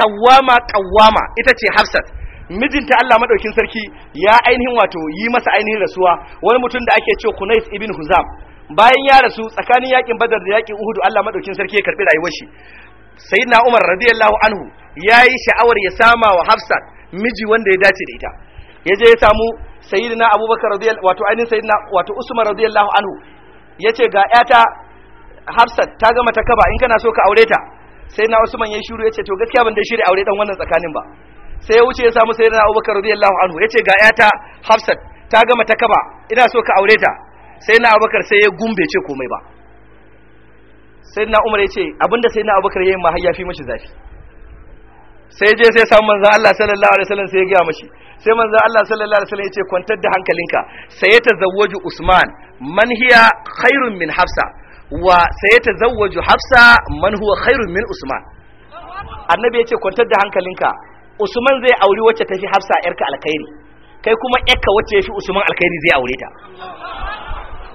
sawwama qawwama ita ce Hafsat mijinta Allah madaukin sarki ya ainihin wato yi masa ainihin rasuwa wani mutum da ake cewa Kunais ibn Huzam bayan ya rasu tsakanin yakin Badar da yakin Uhud Allah madaukin sarki ya karbi rayuwar shi sayyidina Umar radiyallahu anhu yayi sha'awar ya sama wa Hafsa miji wanda ya dace da ita yaje ya samu sayyidina Abubakar radiyallahu wato ainihin sayyidina wato Usman radiyallahu anhu yace ga yata Hafsa ta gama ta kaba in kana so ka aure ta sai Usman ya shiru yace to gaskiya ban da shiri aure dan wannan tsakanin ba sai ya wuce ya samu sayyidina Abubakar radiyallahu anhu yace ga yata Hafsat ta gama ta kaba ina so ka aure ta na Abubakar sai ya gumbe ce komai ba Sai na Umar yace abinda sai na Abubakar yayin ma fi mashi zafi sai je sai samu manzon Allah sallallahu alaihi wasallam sai ya ga mashi sai manzon Allah sallallahu alaihi wasallam yace kwantar da hankalinka sai ya tazawwaju Usman man hiya khairun min Hafsa wa sai ya tazawwaju Hafsa man huwa khairun min Usman annabi ya ce kwantar da hankalinka usman zai auri wacce ta fi hafsa ƴarka alkhairi kai kuma yarka wacce ya fi usman alkhairi zai aure ta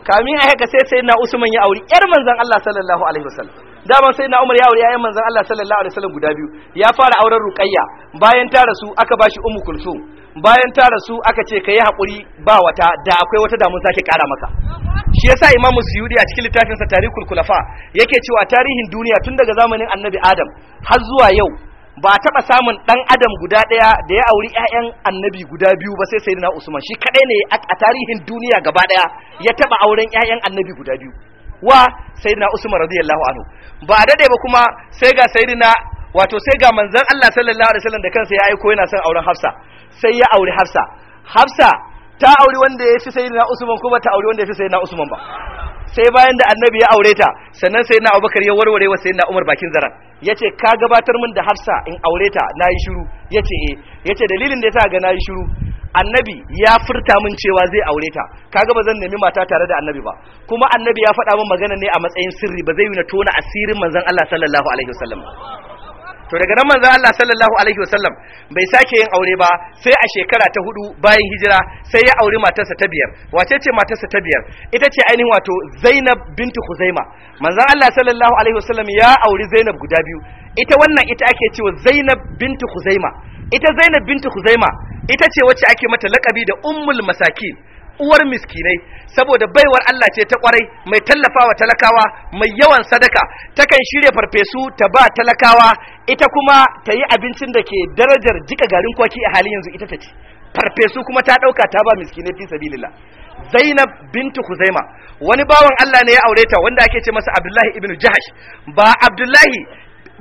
kamin a haka sai sai usman ya auri yar manzon Allah sallallahu alaihi wasallam dama sai na umar ya auri yayin manzon Allah sallallahu alaihi wasallam guda biyu ya fara auren ruqayya bayan ta rasu aka bashi ummu kulsum bayan ta rasu aka ce kai hakuri ba wata da akwai wata damun sake kara maka shi yasa imamu suyudi a cikin littafin sa tarikul kulafa yake cewa tarihin duniya tun daga zamanin annabi adam har zuwa yau ba taɓa samun ɗan adam guda ɗaya da ya auri ƴaƴan annabi guda biyu ba sai sai na usman shi kaɗai ne a tarihin duniya gaba ɗaya ya taɓa auren ƴaƴan annabi guda biyu wa sai na usman radiyallahu anhu ba a daɗe ba kuma sai ga sai na wato sai ga manzan allah sallallahu alaihi wasallam da kansa ya aiko yana son auren hafsa sai ya auri hafsa hafsa ta auri wanda ya fi sai na usman kuma ta auri wanda ya fi sai na usman ba sai bayan da annabi ya aure ta sannan sai na abubakar ya warware wa sai na umar bakin zara ya ce ka gabatar min da hafsa in aure ta na yi shiru ya ce e ya ce dalilin da ya sa ga na yi shiru annabi ya furta min cewa zai aure ta kaga ba zan nemi mata tare da annabi ba kuma annabi ya faɗa min magana ne a matsayin sirri ba zai yi na tona asirin manzon Allah sallallahu alaihi wasallam to daga nan manzon Allah sallallahu alaihi wasallam bai sake yin aure ba sai a shekara ta hudu bayan hijira sai ya auri matarsa ta biyar wace ce matarsa ta biyar ita ce ainihin wato Zainab bintu Khuzaima manzon Allah sallallahu alaihi wasallam ya auri Zainab guda biyu ita wannan ita ake cewa Zainab bintu Khuzaima ita Zainab bintu Khuzaima ita ce wacce ake mata lakabi da ummul masakin uwar miskinai saboda baiwar Allah ce ta kwarai mai tallafawa talakawa mai yawan sadaka takan shirya farfesu ta ba talakawa ita kuma ta yi abincin da ke darajar jika garin kwaki a halin yanzu ita ta ce farfesu kuma ta ɗauka ta ba miskinai fi sabilillah Zainab bintu Huzaima wani bawan Allah ne ya aure ta wanda ake ce masa Abdullahi ibn Jahash ba Abdullahi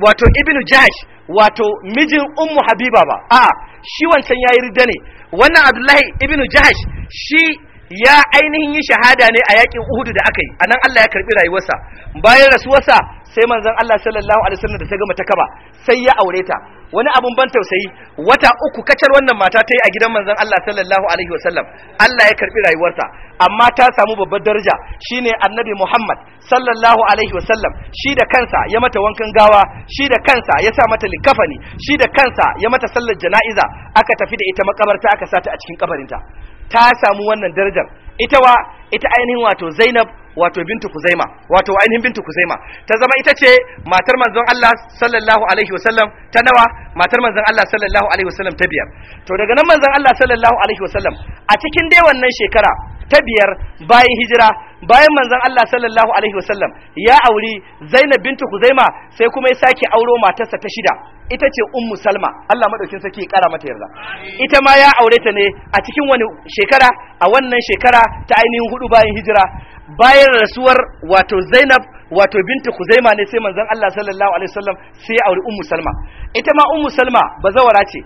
wato ibn Jahash wato mijin Ummu Habiba ba a shi wancan yayi ridda ne wannan Abdullahi ibn Jahash shi ya ainihin yi shahada ne a yakin Uhudu da aka yi a anan Allah ya karɓi rayuwarsa bayan rasuwarsa sai manzon Allah sallallahu alaihi wasallam da ta gama ta kaba sai ya aure ta wani abun ban tausayi wata uku kacar wannan mata ta yi a gidan manzon Allah sallallahu alaihi wasallam Allah ya karbi rayuwarta amma ta samu babbar daraja shine annabi Muhammad sallallahu alaihi wasallam shi da kansa ya mata wankan gawa shi da kansa ya sa mata likafani shi da kansa ya mata sallar jana'iza aka tafi da ita makabarta aka sata a cikin kabarinta ta samu wannan darajar ita wa ita ainihin wato Zainab wato bintu kuzaima wato ainihin bintu kuzaima ta zama ita ce matar manzon Allah sallallahu alaihi wasallam ta nawa matar manzon Allah sallallahu alaihi wasallam ta biyar to daga nan manzon Allah sallallahu alaihi wasallam a cikin dai wannan shekara ta biyar bayan hijira bayan manzon Allah sallallahu alaihi wasallam ya auri Zainab bintu Huzaima sai kuma ya sake auro matarsa ta shida ita ce Ummu Salma Allah madaukin sarki ya kara mata yarda ita ma ya aure ta ne a cikin wani shekara a wannan shekara ta ainihin hudu bayan hijira bayan rasuwar wato Zainab wato bintu Huzaima ne sai manzon Allah sallallahu alaihi wasallam sai ya auri Ummu Salma ita ma ummu salma bazawara ce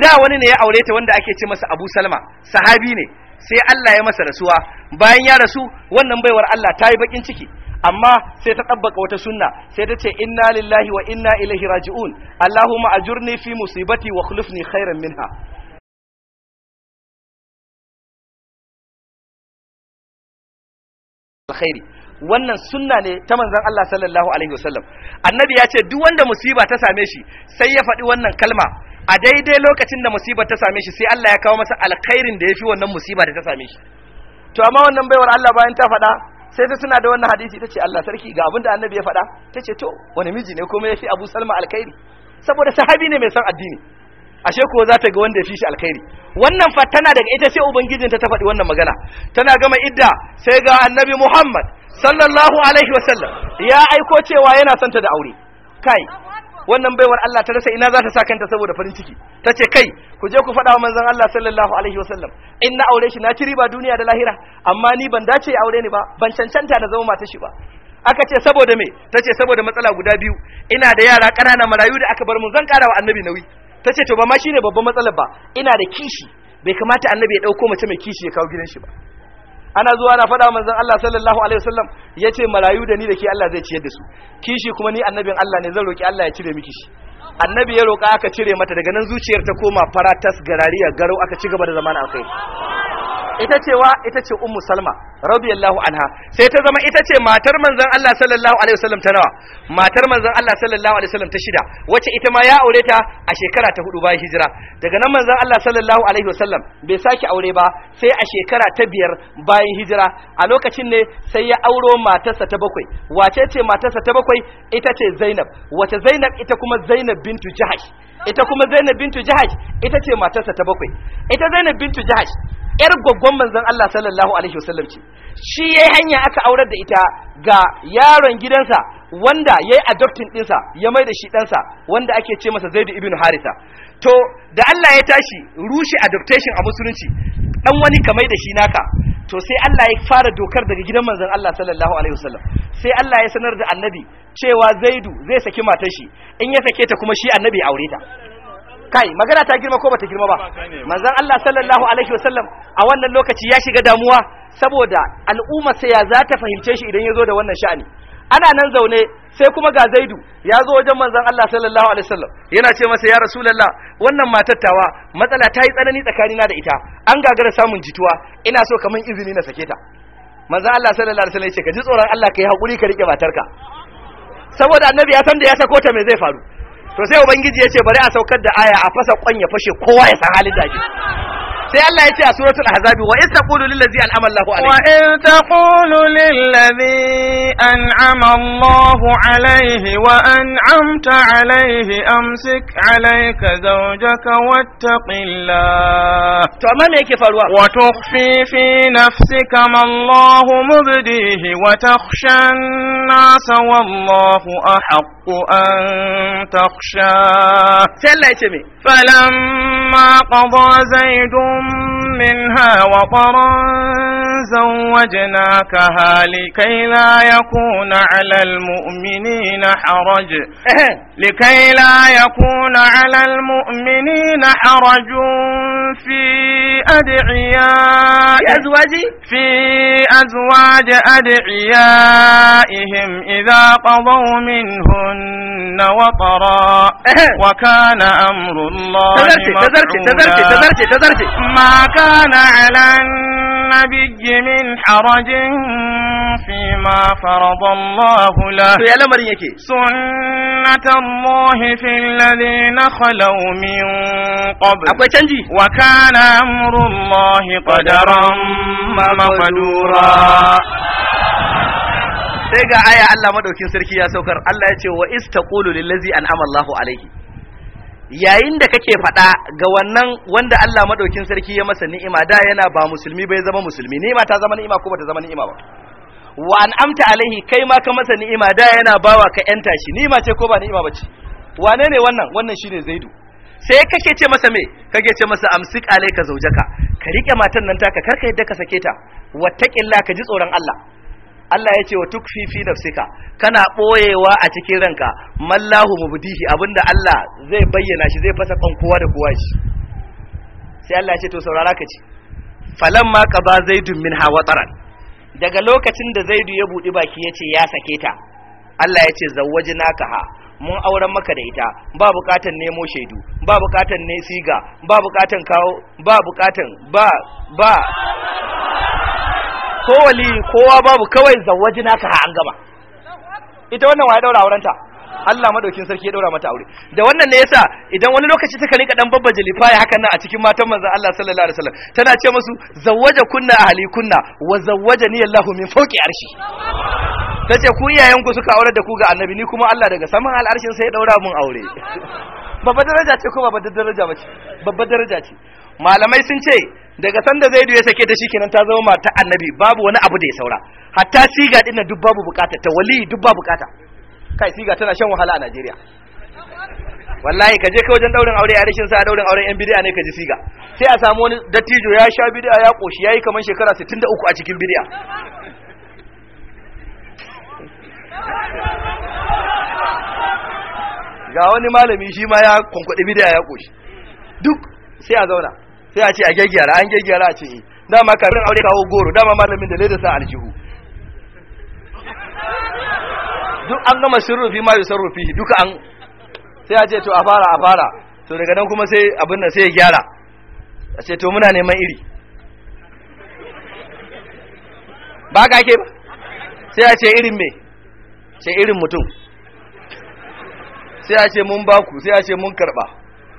da wani ne ya aure ta wanda ake ce masa abu salma sahabi ne sai Allah ya masa rasuwa bayan ya rasu wannan baiwar Allah ta yi bakin ciki amma sai ta tabbaka wata sunna sai ta ce inna lillahi wa inna ilaihi raji'un allahumma ajurni fi musibati
wa khulufni khairan minha alkhairi wannan sunna ne ta manzon Allah
sallallahu alaihi wasallam annabi ya ce duk wanda musiba ta same shi sai ya faɗi wannan kalma a daidai lokacin da musibar ta same shi sai Allah ya kawo masa alkhairin da ya fi wannan musiba da ta same shi to amma wannan baiwar Allah bayan ta faɗa sai ta suna da wannan hadisi ta ce Allah sarki ga abin da annabi ya faɗa ta ce to wani miji ne kuma ya fi Abu Salma alkhairi saboda sahabi ne mai son addini ashe ko za ta ga wanda ya fi shi alkhairi wannan fa tana daga ita sai ubangijinta ta faɗi wannan magana tana gama idda sai ga annabi Muhammad sallallahu alaihi wasallam ya aiko cewa yana son da aure kai wannan baiwar Allah ta rasa ina za ta sa kanta saboda farin ciki ta ce kai ku je ku faɗa wa manzon Allah sallallahu alaihi wasallam in na aure shi na ci riba duniya da lahira amma ni ban dace aure ni ba ban cancanta da zama mata shi ba aka ce saboda me ta ce saboda matsala guda biyu ina da yara ƙanana marayu da aka bar mun zan ƙara wa annabi nauyi ta ce to ba ma shine babban matsalar ba ina da kishi bai kamata annabi ya ɗauko mace mai kishi ya kawo gidan shi ba ana zuwa na faɗa manzon Allah sallallahu alaihi wasallam yace marayu da ni da ke Allah zai ciyar da su kishi kuma ni annabin Allah ne zan roki Allah ya cire miki shi annabi ya roka aka cire mata daga nan zuciyar ta koma faratas garariya garau aka ci gaba da zaman akai ita ce ita ce ummu salma radiyallahu anha sai ta zama ita ce matar manzon Allah sallallahu alaihi wasallam ta nawa matar manzon Allah sallallahu alaihi wasallam ta shida wace ita ma ya aure ta a shekara ta hudu bayan hijira daga nan manzon Allah sallallahu alaihi wasallam bai sake aure ba sai a shekara ta biyar bayan hijira a lokacin ne sai ya auro matarsa ta bakwai wace ce matarsa ta bakwai ita ce Zainab wace Zainab ita kuma Zainab bintu Jahash ita kuma Zainab bintu jahaj ita ce matarsa ta bakwai ita Zainab bintu jahaj yar gwaggon manzon Allah sallallahu alaihi wasallam ce shi yayi hanya aka aurar da ita ga yaron gidansa wanda yayi adoptin dinsa ya mai da shi ɗansa wanda ake ce masa Zaid ibn Haritha to da Allah ya tashi rushe adaptation a musulunci dan wani kamai da shi naka to sai Allah ya fara dokar daga gidan manzon Allah sallallahu alaihi wasallam sai Allah ya sanar da annabi cewa Zaidu zai saki matar shi in ya sake ta kuma shi annabi ya aure ta kai magana ta girma ko bata girma ba manzon Allah sallallahu alaihi wasallam a wannan lokaci ya shiga damuwa saboda al'umma sai ya za ta fahimce shi idan ya zo da wannan sha'ani ana nan zaune sai kuma ga zaidu ya zo wajen manzan Allah sallallahu alaihi wasallam yana ce masa ya rasulullah wannan matattawa matsala ta yi tsanani tsakanina da ita an gagara samun jituwa ina so kaman izini na sake ta Manzan Allah sallallahu alaihi wasallam ya ce ka ji tsoron Allah ka yi hakuri ka rike matarka saboda annabi ya san da ya sako ta me zai faru to sai ubangiji ya ce bari a saukar da aya a fasa kwan ya fashe kowa ya san halin da ake sai Allah ya ce a suratul ahzabi wa in taqulu lil ladzi
an'ama Allahu alayhi wa in taqulu lil ladzi an'ama Allahu alayhi wa an'amta alayhi amsik alayka zawjaka wattaqillah to amma me yake faruwa wa tukhfi fi nafsika ma Allahu mubdihi wa takhsha an-nas wallahu ahq an takhsha sai Allah ya ce me falamma qada zaidun لكم منها وطرا زوجناكها لكي لا يكون على المؤمنين حرج لكي لا يكون على المؤمنين حرج في أدعياء في أزواج في أزواج أدعيائهم إذا قضوا منهن وطرا وكان أمر الله تذرتي
تذرتي تذرتي تذرتي ما كان على
النبي من حرج فيما فرض الله له سنة الله في الذين خلوا من قبل وكان أمر الله قدرا مقدورا
sai ga aya Allah madaukin sarki ya saukar Allah ya ce wa istaqulu lillazi an'ama Allahu alaihi yayin da kake faɗa ga wannan wanda Allah madaukin sarki ya masa ni'ima da yana ba musulmi bai zama musulmi ni'ima ta zama ni'ima ko bata zama ni'ima ba wa amta alaihi kai ma ka masa ni'ima da yana bawa ka yanta shi ni'ima ce ko ba ni'ima bace wane ne wannan wannan shine zaidu sai kake ce masa me kake ce masa amsik alaika zaujaka ka rike matan nan taka karka yadda ka sake ta wattaqilla ka ji tsoron Allah Allah ya ce wa tukfi da nafsika kana ɓoyewa a cikin ranka mallahu mu mubdihi abinda Allah zai bayyana shi zai fasa kan kowa da kowa shi sai Allah ya ce to saurara ka ci falamma qaba zaidun hawa wataran daga lokacin da zaidu ya budi baki ya ce ya sake ta Allah ya ce zawwajnaka ha mun auren maka da ita ba bukatan nemo shaidu ba bukatan ne siga ba bukatan kawo ba bukatan ba ba ko wali kowa babu kawai zawaji naka ha an gama ita wannan wa ya daura aurenta Allah madaukin sarki ya daura mata aure da wannan ne yasa idan wani lokaci ta rinka dan jalifa ya hakan nan a cikin matan manzo Allah sallallahu alaihi wasallam tana ce musu zawaja kunna ahli kunna wa zawwajani Allah min fawqi arshi tace ku iyayen ku suka aure da ku ga annabi ni kuma Allah daga saman al'arshin sai ya daura mun aure Babba daraja ce ko babba daraja bace babba daraja ce malamai sun ce daga sanda zaidu ya sake ta shikenan ta zama mata annabi babu wani abu da ya saura hatta siga din duk babu bukata ta wali duk babu bukata kai siga tana shan wahala a Najeriya wallahi ka je ka wajen daurin aure a rashin sa daurin aure yan bid'a ne ka ji siga sai a samu wani dattijo ya sha bid'a ya koshi yayi kaman shekara 63 a cikin bid'a ga wani malami shi ma ya kwankwadi bid'a ya koshi duk sai a zauna sai a ce a gyaggyara an gyaggyara a ce eh dama kafin aure kawo goro dama malamin da leda sa aljihu duk an gama sirrufi ma rufi duka an sai a ce to a fara a fara to daga nan kuma sai abin nan sai ya gyara a ce to muna neman iri ba ka ke ba sai a ce irin me ce irin mutum sai a ce mun baku sai a ce mun karba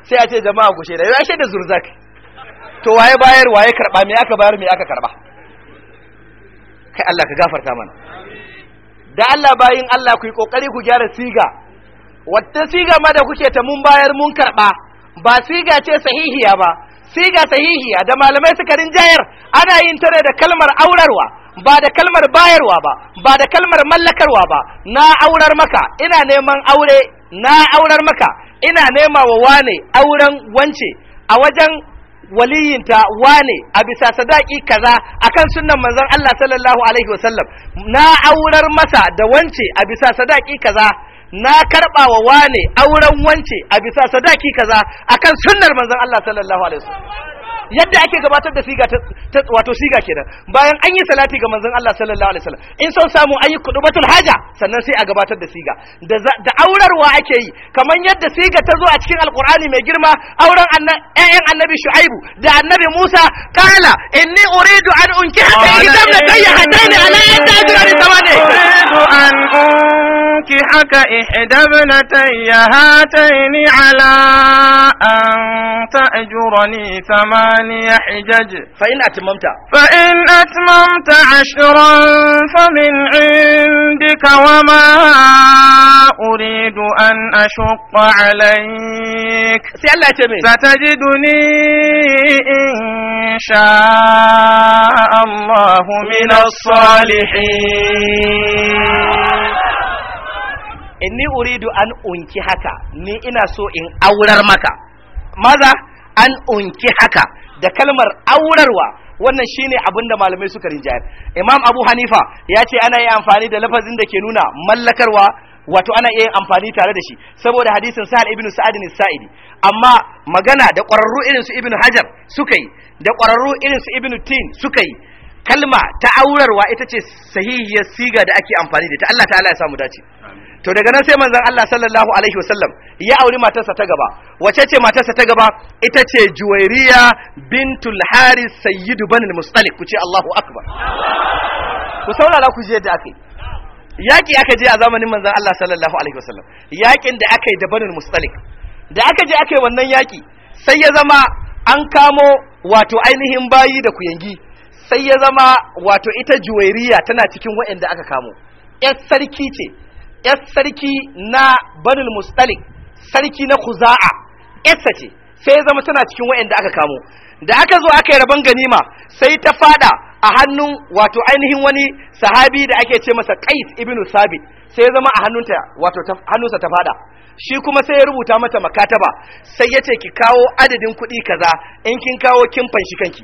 sai a ce jama'a ku shaida ya shaida zurzak to waye bayar waye karba me aka bayar me aka karba kai Allah ka gafarta mana da Allah bayin Allah ku yi kokari ku gyara siga wata siga ma da kuke ta mun bayar mun karba ba siga ce sahihiya ba siga sahihiya da malamai suka rinjayar ana yin tare da kalmar aurarwa ba da kalmar bayarwa ba ba da kalmar mallakarwa ba na aurar maka ina neman aure na aurar maka ina nema wa wane auren wance a wajen waliyinta wane a bisa sadaki kaza akan sunnan manzon Allah sallallahu alaihi wasallam na aurar masa da wance a bisa sadaki kaza na karba wane auren wance a bisa sadaki kaza akan sunnar manzon Allah sallallahu alaihi wasallam yadda ake gabatar da siga ta wato siga kenan bayan an yi salati ga manzon Allah sallallahu alaihi wasallam in son samu an yi kudubatul haja sannan sai a gabatar da siga da aurarwa ake yi kamar yadda siga ta zo a cikin alqur'ani mai girma auren annan ƴaƴan annabi shu'aibu da annabi Musa qala inni uridu an ka idan la tayyahadaini ala yadda ajra li uridu an
أنكحك إحدى ابنتي هاتين ala an تأجرني ثمان ani ya hijaji fa in atmamta fa in atmamta ashran fa min indika wa ma uridu an ashqa alayk sai Allah ce me satajiduni insha Allah
min as-salihin inni an unki haka ni ina so in aurar maka maza an unki haka da kalmar aurarwa wannan shine abin da malamai suka rinjayar imam abu hanifa ya ce ana yi amfani da lafazin da ke nuna mallakarwa wato ana iya amfani tare da shi saboda hadisin sa'ad ibn sa'ad ibn sa'idi amma magana da ƙwararru irin su ibn hajar suka yi da ƙwararru irin su ibn tin suka yi kalma ta aurarwa ita ce sahihiyar siga da ake amfani da ta Allah ta'ala ya samu dace to daga nan sai manzon Allah sallallahu alaihi wasallam ya auri matarsa ta gaba wace ce matarsa ta gaba ita ce Juwairiya bintul Haris sayyidu al Mustalik ku ce Allahu akbar ku saurara ku je da ake yaki aka je a zamanin manzon Allah sallallahu alaihi wasallam yakin da aka yi da al Mustalik da aka je aka yi wannan yaki sai ya zama an kamo wato ainihin bayi da kuyangi sai ya zama wato ita Juwairiya tana cikin waɗanda aka kamo Ƴan sarki ce yar sarki na banul mustalik sarki na kuza'a yarsa ce sai ya zama tana cikin da aka kamo da aka zo aka yi rabon ganima sai ta fada a hannun wato ainihin wani sahabi da ake ce masa qais ibn sabit sai ya zama a hannunta wato hannunsa ta fada shi kuma sai ya rubuta mata makataba sai ya ce ki kawo adadin kuɗi kaza in kin kawo kin fanshi kanki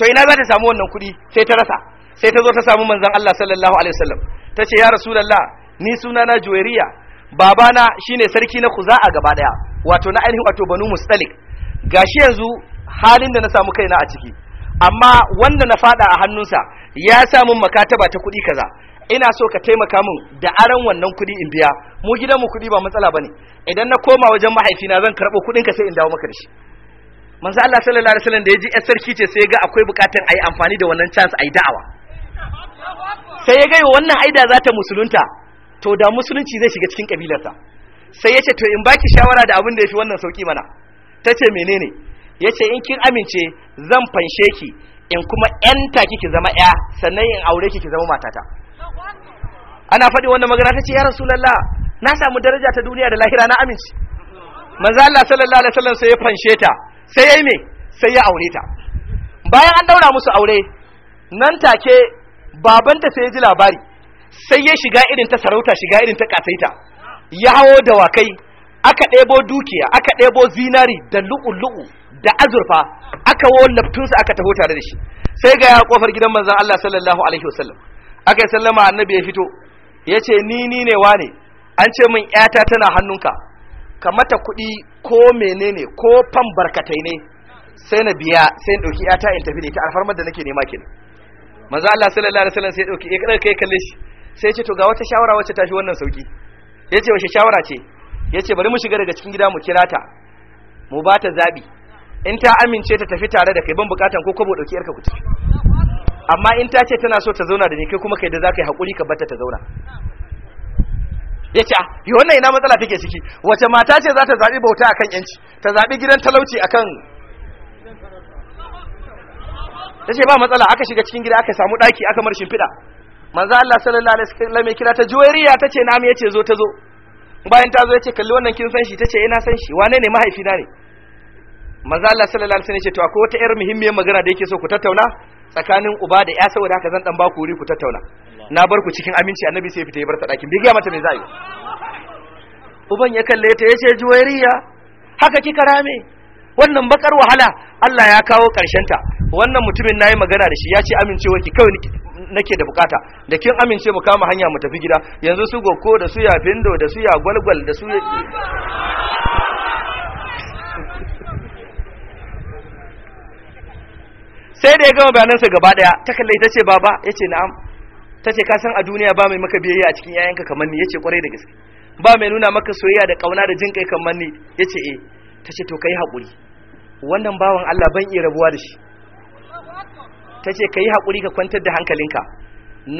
to ina za ta samu wannan kuɗi sai ta rasa sai ta zo ta samu manzon Allah sallallahu alaihi wasallam ta ya rasulullah ni sunana juwairiya babana shine sarki na kuza a gaba daya wato na ainihin wato banu mustalik gashi yanzu halin da na samu kaina a ciki amma wanda na fada a hannunsa ya samun makataba ta kuɗi kaza ina so ka taimaka min da aran wannan kuɗi in biya mu gidanmu kuɗi ba matsala bane idan na koma wajen mahaifina zan karɓo kuɗin ka sai in dawo maka da shi manzo Allah sallallahu alaihi wasallam da yaji sarki ce sai ga akwai bukatun ayi amfani da wannan chance ayi da'awa sai ya ga wannan aida za ta musulunta to da musulunci zai shiga cikin kabilarsa sai yace to in baki shawara da abin da yafi wannan sauki mana tace menene yace in kin amince zan fanshe ki in kuma yanta kiki zama ya sannan in aure ki ki zama matata ana faɗi wannan magana tace ya rasulullah na samu daraja ta duniya da lahira na amince manzo Allah sallallahu alaihi wasallam sai ya fanshe ta sai yayi me sai ya aure ta bayan an daura musu aure nan take babanta sai ya ji labari sai ya shiga irin ta sarauta shiga irin ta kasaita ya hawo dawakai aka ɗebo dukiya aka ɗebo zinari da lu'u-lu'u da azurfa aka wo laftunsa aka taho tare da shi sai ga ya kofar gidan manzon Allah sallallahu alaihi wasallam aka sallama annabi ya fito ya ce ni ni ne wane an ce min ƴata tana hannunka ka mata kuɗi ko menene ko fan barkatai ne sai na biya sai na ɗauki ƴata in tafi da ita alfarmar da nake nema kenan manzon Allah sallallahu alaihi wasallam sai ya ɗauki kai kalle shi sai ce to ga wata shawara wacce fi wannan sauki Ya ce wace shawara ce Ya ce bari mu shiga daga cikin gida mu kira ta mu ba ta zabi in ta amince ta tafi tare da kai ban bukatan ko kobo dauki yarka ku tafi amma in ta ce tana so ta zauna da ni kai kuma kai da zaka yi hakuri ka barta ta zauna yace ah yi wannan ina matsala take ciki wace mata ce za ta zabi bauta akan yanci ta zabi gidan talauci akan ce ba matsala aka shiga cikin gida aka samu ɗaki aka mar shimfiɗa manzo Allah sallallahu alaihi wasallam ya kira ta juwairiya tace na me yace zo ta zo bayan ta zo yace kalli wannan kin san shi tace ina eh san shi wane ne mahaifina ne manzo Allah sallallahu alaihi wasallam yace to akwai wata yar muhimmiyar magana da yake so ku tattauna tsakanin uba da ya saboda haka zan dan ba ku wuri ku tattauna na bar ku cikin aminci annabi sai ya fita ya bar ta dakin bai ga mata me zai uban ya kalle ta yace juwairiya haka kika rame wannan bakar wahala Allah ya kawo karshen ta wannan mutumin nayi magana da shi ya ce amincewa ki kawai nake da bukata da kin amince mu kama hanya mu tafi gida yanzu su goko da su ya findo da su ya gwalgwal da su sai da ya gama bayanansa gaba daya ta kalle ta ce baba ya ce na'am ta ce ka san a duniya ba mai maka biyayya a cikin yayanka kamar ni ya ce kwarai da gaske ba mai nuna maka soyayya da kauna da jin kai kamar ni ya ce eh ta ce to kai hakuri haƙuri wannan bawan Allah ban iya rabuwa da shi ta ce ka yi haƙuri ka kwantar da hankalinka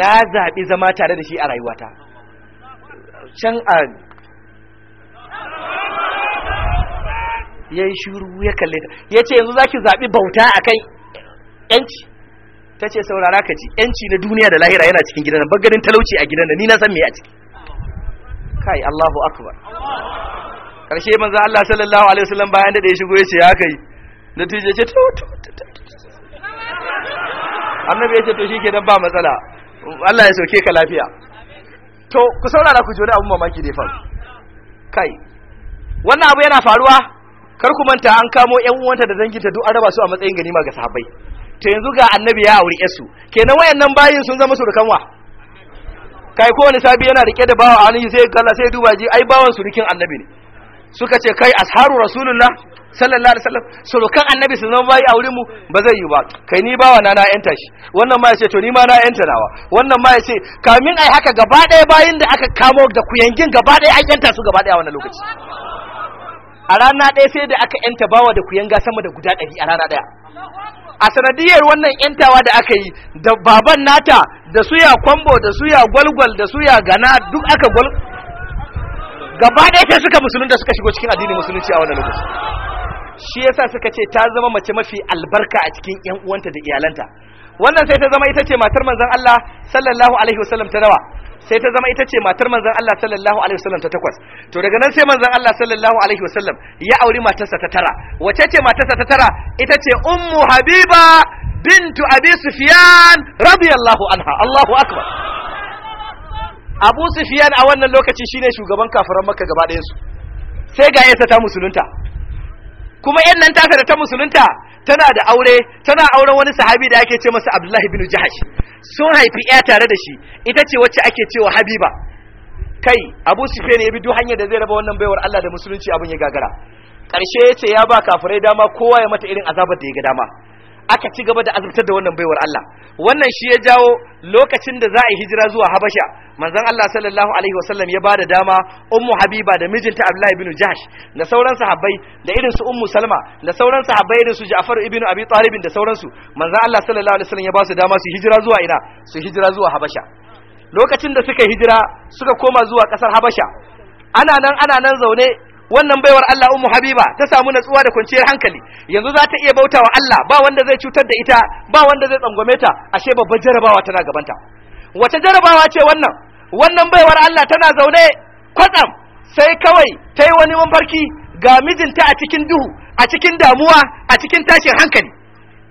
na zaɓi zama tare da shi a rayuwata can a ya yi shuru ya kalle ta ya ce yanzu za ki zaɓi bauta a kai ‘yanci ta ce saurara ka ci ‘yanci na duniya da lahira yana cikin gidan bagarin talauci a gidan da ni na san me a ciki kai Allahu akbar karshe manzo Allah sallallahu alaihi wasallam bayan da ya shigo ya ce ya kai da tije ce to to annabi ya ce to shike dan ba matsala Allah ya sauke ka lafiya to ku saurara ku jona abun mamaki da fa kai wannan abu yana faruwa kar ku manta an kamo ƴan uwanta da danginta duk an raba su a matsayin ganima ga sahabbai to yanzu ga annabi ya aure su kenan wayannan bayin sun zama surukan wa kai ko wani sabi yana rike da bawa a sai kalla sai duba ji ai bawan surukin annabi ne suka ce kai asharu rasulullah sallallahu alaihi wasallam surukan annabi su zama bayi a wurin mu ba zai yi ba kai ni bawa na na yanta shi wannan ma yace to ni ma na yanta nawa wannan ma yace kamin ai haka gaba ɗaya bayin da aka kamo da kuyangin gaba ɗaya an yanta su gaba ɗaya wannan lokaci a rana ɗaya sai da aka yanta bawa da kuyanga sama da guda ɗari a rana ɗaya a sanadiyar wannan yantawa da aka yi da baban nata da suya kwambo da suya gwalgwal da suya gana duk aka gwal gaba ɗaya sai suka musulunta suka shigo cikin addinin musulunci a wannan lokaci shi yasa suka ce ta zama mace mafi albarka a cikin ƴan uwanta da iyalanta wannan sai ta zama ita ce matar manzon Allah sallallahu alaihi wasallam ta nawa sai ta zama ita ce matar manzon Allah sallallahu alaihi wasallam ta takwas to daga nan sai manzon Allah sallallahu alaihi wasallam ya auri matarsa ta tara wace ce matarsa ta tara ita ce ummu habiba bintu abi sufyan radiyallahu anha Allahu akbar Abu Sufyan a wannan lokaci shine shugaban kafiran Makka gaba ɗayan su sai ga yasa ta musulunta kuma yan nan taka da ta musulunta tana da aure tana auren wani sahabi da ake ce masa abdullahi bin jahash sun haifi ya tare da shi ita ce wacce ake cewa habiba kai abu sufiyan ya bi duk hanyar da zai raba wannan baiwar allah da musulunci abin ya gagara ƙarshe ya ce ya ba kafirai dama kowa ya mata irin azabar da ya ga dama aka ci gaba da azabtar da wannan baiwar Allah wannan shi ya jawo lokacin da za a yi hijira zuwa Habasha manzon Allah sallallahu alaihi wasallam ya bada dama ummu Habiba da mijinta Abdullahi ibn Jahsh da sauran sahabbai da irin su ummu Salma da sauran sahabbai irin su Ja'far ibn Abi Talib da sauran su manzon Allah sallallahu alaihi wasallam ya ba su dama su hijira zuwa ina su hijira zuwa Habasha lokacin da suka hijira suka koma zuwa kasar Habasha ana nan ana nan zaune wannan baiwar Allah ummu habiba ta samu natsuwa da kwanciyar hankali yanzu za ta iya bautawa Allah ba wanda zai cutar da ita ba wanda zai tsangwame ta ashe babbar jarabawa tana gabanta wace jarabawa ce wannan wannan baiwar Allah tana zaune kwatsam sai kawai ta yi wani mafarki ga mijinta a cikin duhu a cikin damuwa a cikin tashin hankali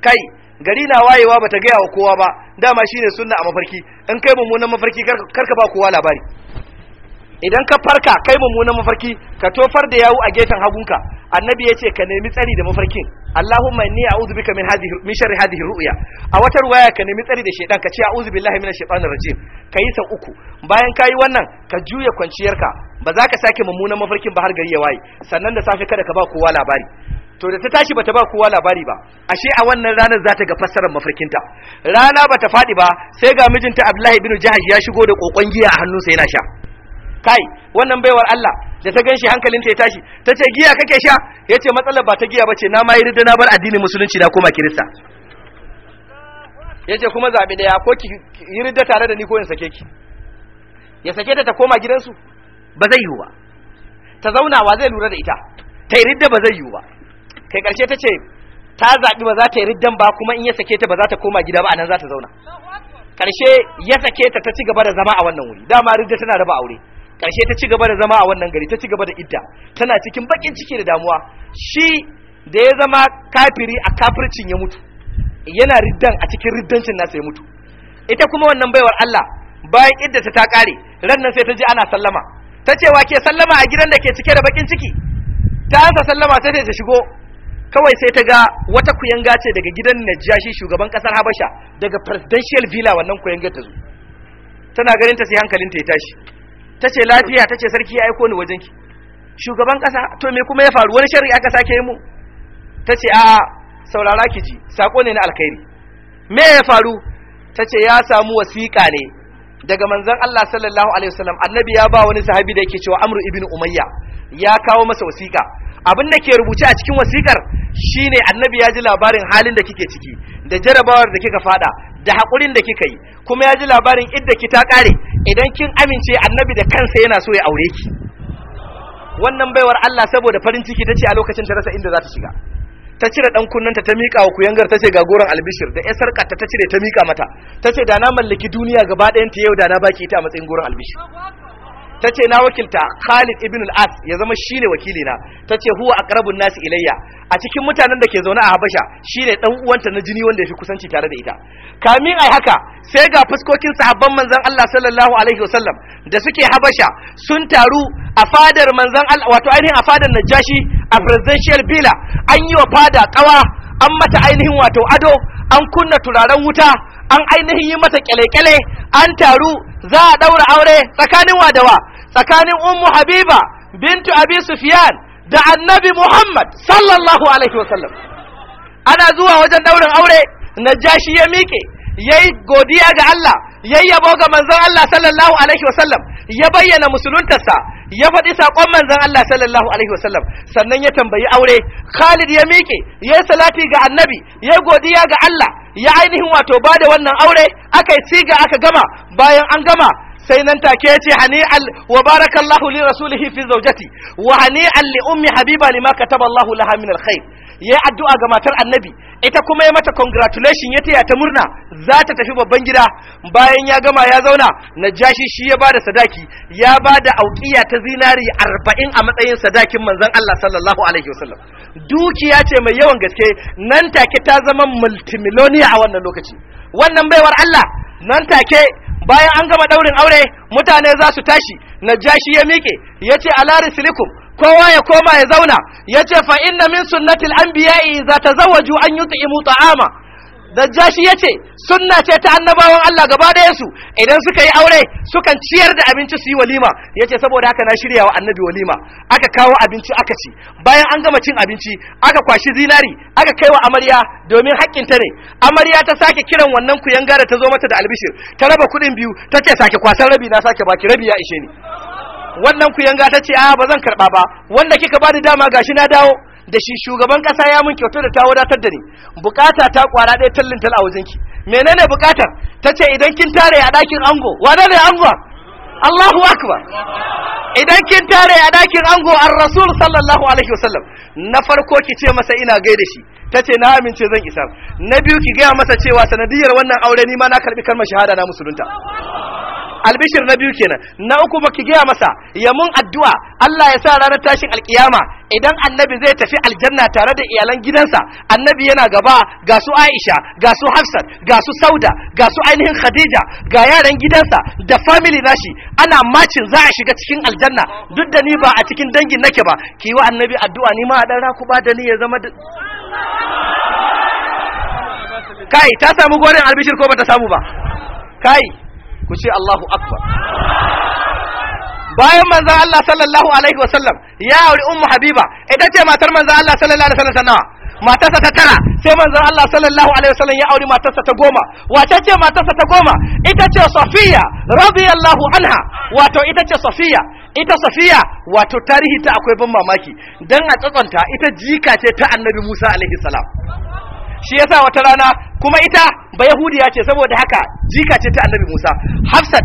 kai gari na wayewa bata gaya wa kowa ba dama shine sunna a mafarki in kai mummunan mafarki karka ba kowa labari idan ka farka kai mummunan mafarki ka tofar da yawu a gefen hagunka annabi ya ce ka nemi tsari da mafarkin allahumma inni a'udhu bika min hadhihi min sharri hadhihi ru'ya a wata ruwaya ka nemi tsari da shaytan ka ce a'udhu billahi minash shaitanir rajim kai sa uku bayan kayi wannan ka juya kwanciyarka ba za ka sake mummunan mafarkin ba har gari ya waye sannan da safe kada ka ba kowa labari to da ta tashi bata ba kowa labari ba ashe a wannan ranar za ta ga fassarar mafarkinta rana bata faɗi ba sai ga mijinta abdullahi bin jahash ya shigo da kokon giya a hannunsa yana sha kai wannan baiwar Allah da ta ganshi hankalinta ya tashi ta ce giya kake sha ya ce matsalar ba ta giya ba ce na ma yi na bar addinin musulunci na koma kirista ya ce kuma zaɓi ɗaya ko ki yi ridda tare da ni ko in sake ki ya sake ta ta koma gidansu ba zai yiwu ba ta zauna wa zai lura da ita ta yi ridda ba zai yiwu ba kai ƙarshe ta ce ta zaɓi ba za ta yi riddan ba kuma in ya sake ta ba za ta koma gida ba a nan za ta zauna ƙarshe ya sake ta ta ci gaba da zama a wannan wuri dama ridda tana raba aure ƙarshe ta ci gaba da zama a wannan gari ta ci gaba da idda tana cikin bakin ciki da damuwa shi da ya zama kafiri a kafircin ya mutu yana riddan a cikin riddancin nasa ya mutu ita kuma wannan baiwar Allah bayan idda ta ta kare nan sai ta ji ana sallama ta ce wa ke sallama a gidan da ke cike da bakin ciki ta ansa sallama sai ta shigo kawai sai ta ga wata kuyanga ce daga gidan Najashi shugaban kasar Habasha daga presidential villa wannan kuyangar ta zo tana ganin ta sai hankalinta ya tashi ta ce lafiya ta ce sarki ya aiko ni wajenki shugaban ƙasa to me kuma ya faru wani shari'a aka sake mu ta ce a saurara ki ji sako ne na alkhairi me ya faru ta ce ya samu wasiƙa ne daga manzon Allah sallallahu alaihi wasallam annabi ya ba wani sahabi da yake cewa Amr ibn Umayya ya kawo masa wasiƙa abin da ke rubuce a cikin wasiƙar shine annabi ya ji labarin halin da kike ciki da jarabawar da kika fada da haƙurin da kika yi kuma ya ji labarin idda ki ta ƙare idan kin amince annabi da kansa yana so ya aure ki wannan baiwar Allah saboda farin ciki tace a lokacin ta rasa inda za ta shiga ta cire dan kunnanta ta mika wa kuyangar tace ga goran albishir da ya sarka ta cire ta mika mata tace da na mallaki duniya gaba ɗayan ta yau da na baki ita a matsayin goran albishir ta ce na wakilta Khalid ibn al-As ya zama shine na ta ce huwa aqrabun nasi ilayya a cikin mutanen da ke zaune a Habasha shine dan uwanta na jini wanda ya fi kusanci tare da ita kamin ai haka sai ga fuskokin sahabban manzon Allah sallallahu alaihi wasallam da suke Habasha sun taru a fadar manzon Allah wato ainihin a fadar Najashi a presidential villa an yi wa fada kawa an mata ainihin wato ado an kunna turaren wuta an ainihin yi mata kyale-kyale an taru za a daura aure tsakanin wadawa tsakanin ummu habiba bintu abi sufyan da annabi muhammad sallallahu alaihi wasallam ana zuwa wajen daurin aure najashi ya miƙe yayi godiya ga Allah yayi yabo ga manzon Allah sallallahu alaihi wasallam ya bayyana musuluntarsa ya faɗi saƙon manzon Allah sallallahu alaihi wasallam sannan ya tambayi aure Khalid ya miƙe ya yi salati ga annabi ya godiya ga Allah ya ainihin wato ba da wannan aure akayi siga aka gama bayan an gama sai nan take ya ce hani'al wa barakallahu li rasulihi fi zawjati wa hani'al li ummi habiba lima Allahu laha min alkhair yayi addu'a ga matar annabi ita kuma ya mata congratulation ya taya ta murna za ta tafi babban gida bayan ya gama ya zauna najashi shi ya bada sadaki ya bada auqiya ta zinari 40 a matsayin sadakin manzon Allah sallallahu alaihi wasallam dukiya ce mai yawan gaske nan take ta zama multimillionaire a wannan lokaci wannan baiwar Allah nan take bayan an gama daurin aure mutane za su tashi jashi ya miƙe ya ce ala silikum, kowa ya koma ya zauna ya ce fa inna min sunnatil anbiya'i za tazawwaju an yut'imu ta'ama Dajjashi ya ce sunna ce ta annabawan Allah gaba su idan suka yi aure sukan ciyar da abinci su yi walima ya ce saboda haka na shirya wa annabi walima aka kawo abinci aka ci bayan an gama cin abinci aka kwashi zinari aka kai wa amarya domin haƙƙinta ne amarya ta sake kiran wannan da ta zo mata da albishir ta raba kuɗin biyu ta ce sake kwasan rabi na sake baki rabi ya ishe ni wannan kuyanga ta ce a ba zan karɓa ba wanda kika ba bani dama gashi na dawo da shi shugaban kasa ya mun kyauta da ta wadatar da ni bukata ta kwara ɗaya tallin tal a wajenki menene bukatar ta ce idan kin tare a ɗakin ango wane ne ango Allahu akbar
idan kin tare a ɗakin ango
an rasul sallallahu alaihi wasallam na farko ki ce masa ina gai da shi ta ce na amince zan isa na biyu ki gaya masa cewa sanadiyar wannan aure ni ma na karɓi kalmar shahada na musulunta albishir na biyu kenan na uku ba ki gaya masa ya mun addu'a Allah ya sa ranar tashin alkiyama idan annabi zai tafi aljanna tare da iyalan gidansa annabi yana gaba ga su Aisha ga su Hafsat ga su Sauda ga su ainihin Khadija ga yaran gidansa da family nashi ana macin za a shiga cikin aljanna duk da ni ba a cikin dangin nake ba ki yi wa annabi addu'a ni ma a dan raku ba da ni ya zama kai ta samu gorin albishir ko ba ta samu ba kai ku ce Allahu akbar bayan manzan Allah sallallahu alaihi wasallam ya auri ummu habiba ita ce matar manzan Allah sallallahu alaihi wasallam nawa matarsa ta tara sai manzon Allah sallallahu alaihi wasallam ya auri matarsa ta goma wace ce matarsa ta goma ita ce Safiya radiyallahu anha wato ita ce Safiya ita Safiya wato tarihi ta akwai ban mamaki dan a tsatsanta ita jika ce ta Annabi Musa alaihi
salam shi yasa wata rana kuma ita ba yahudiya ce saboda haka jika ce ta annabi musa hafsa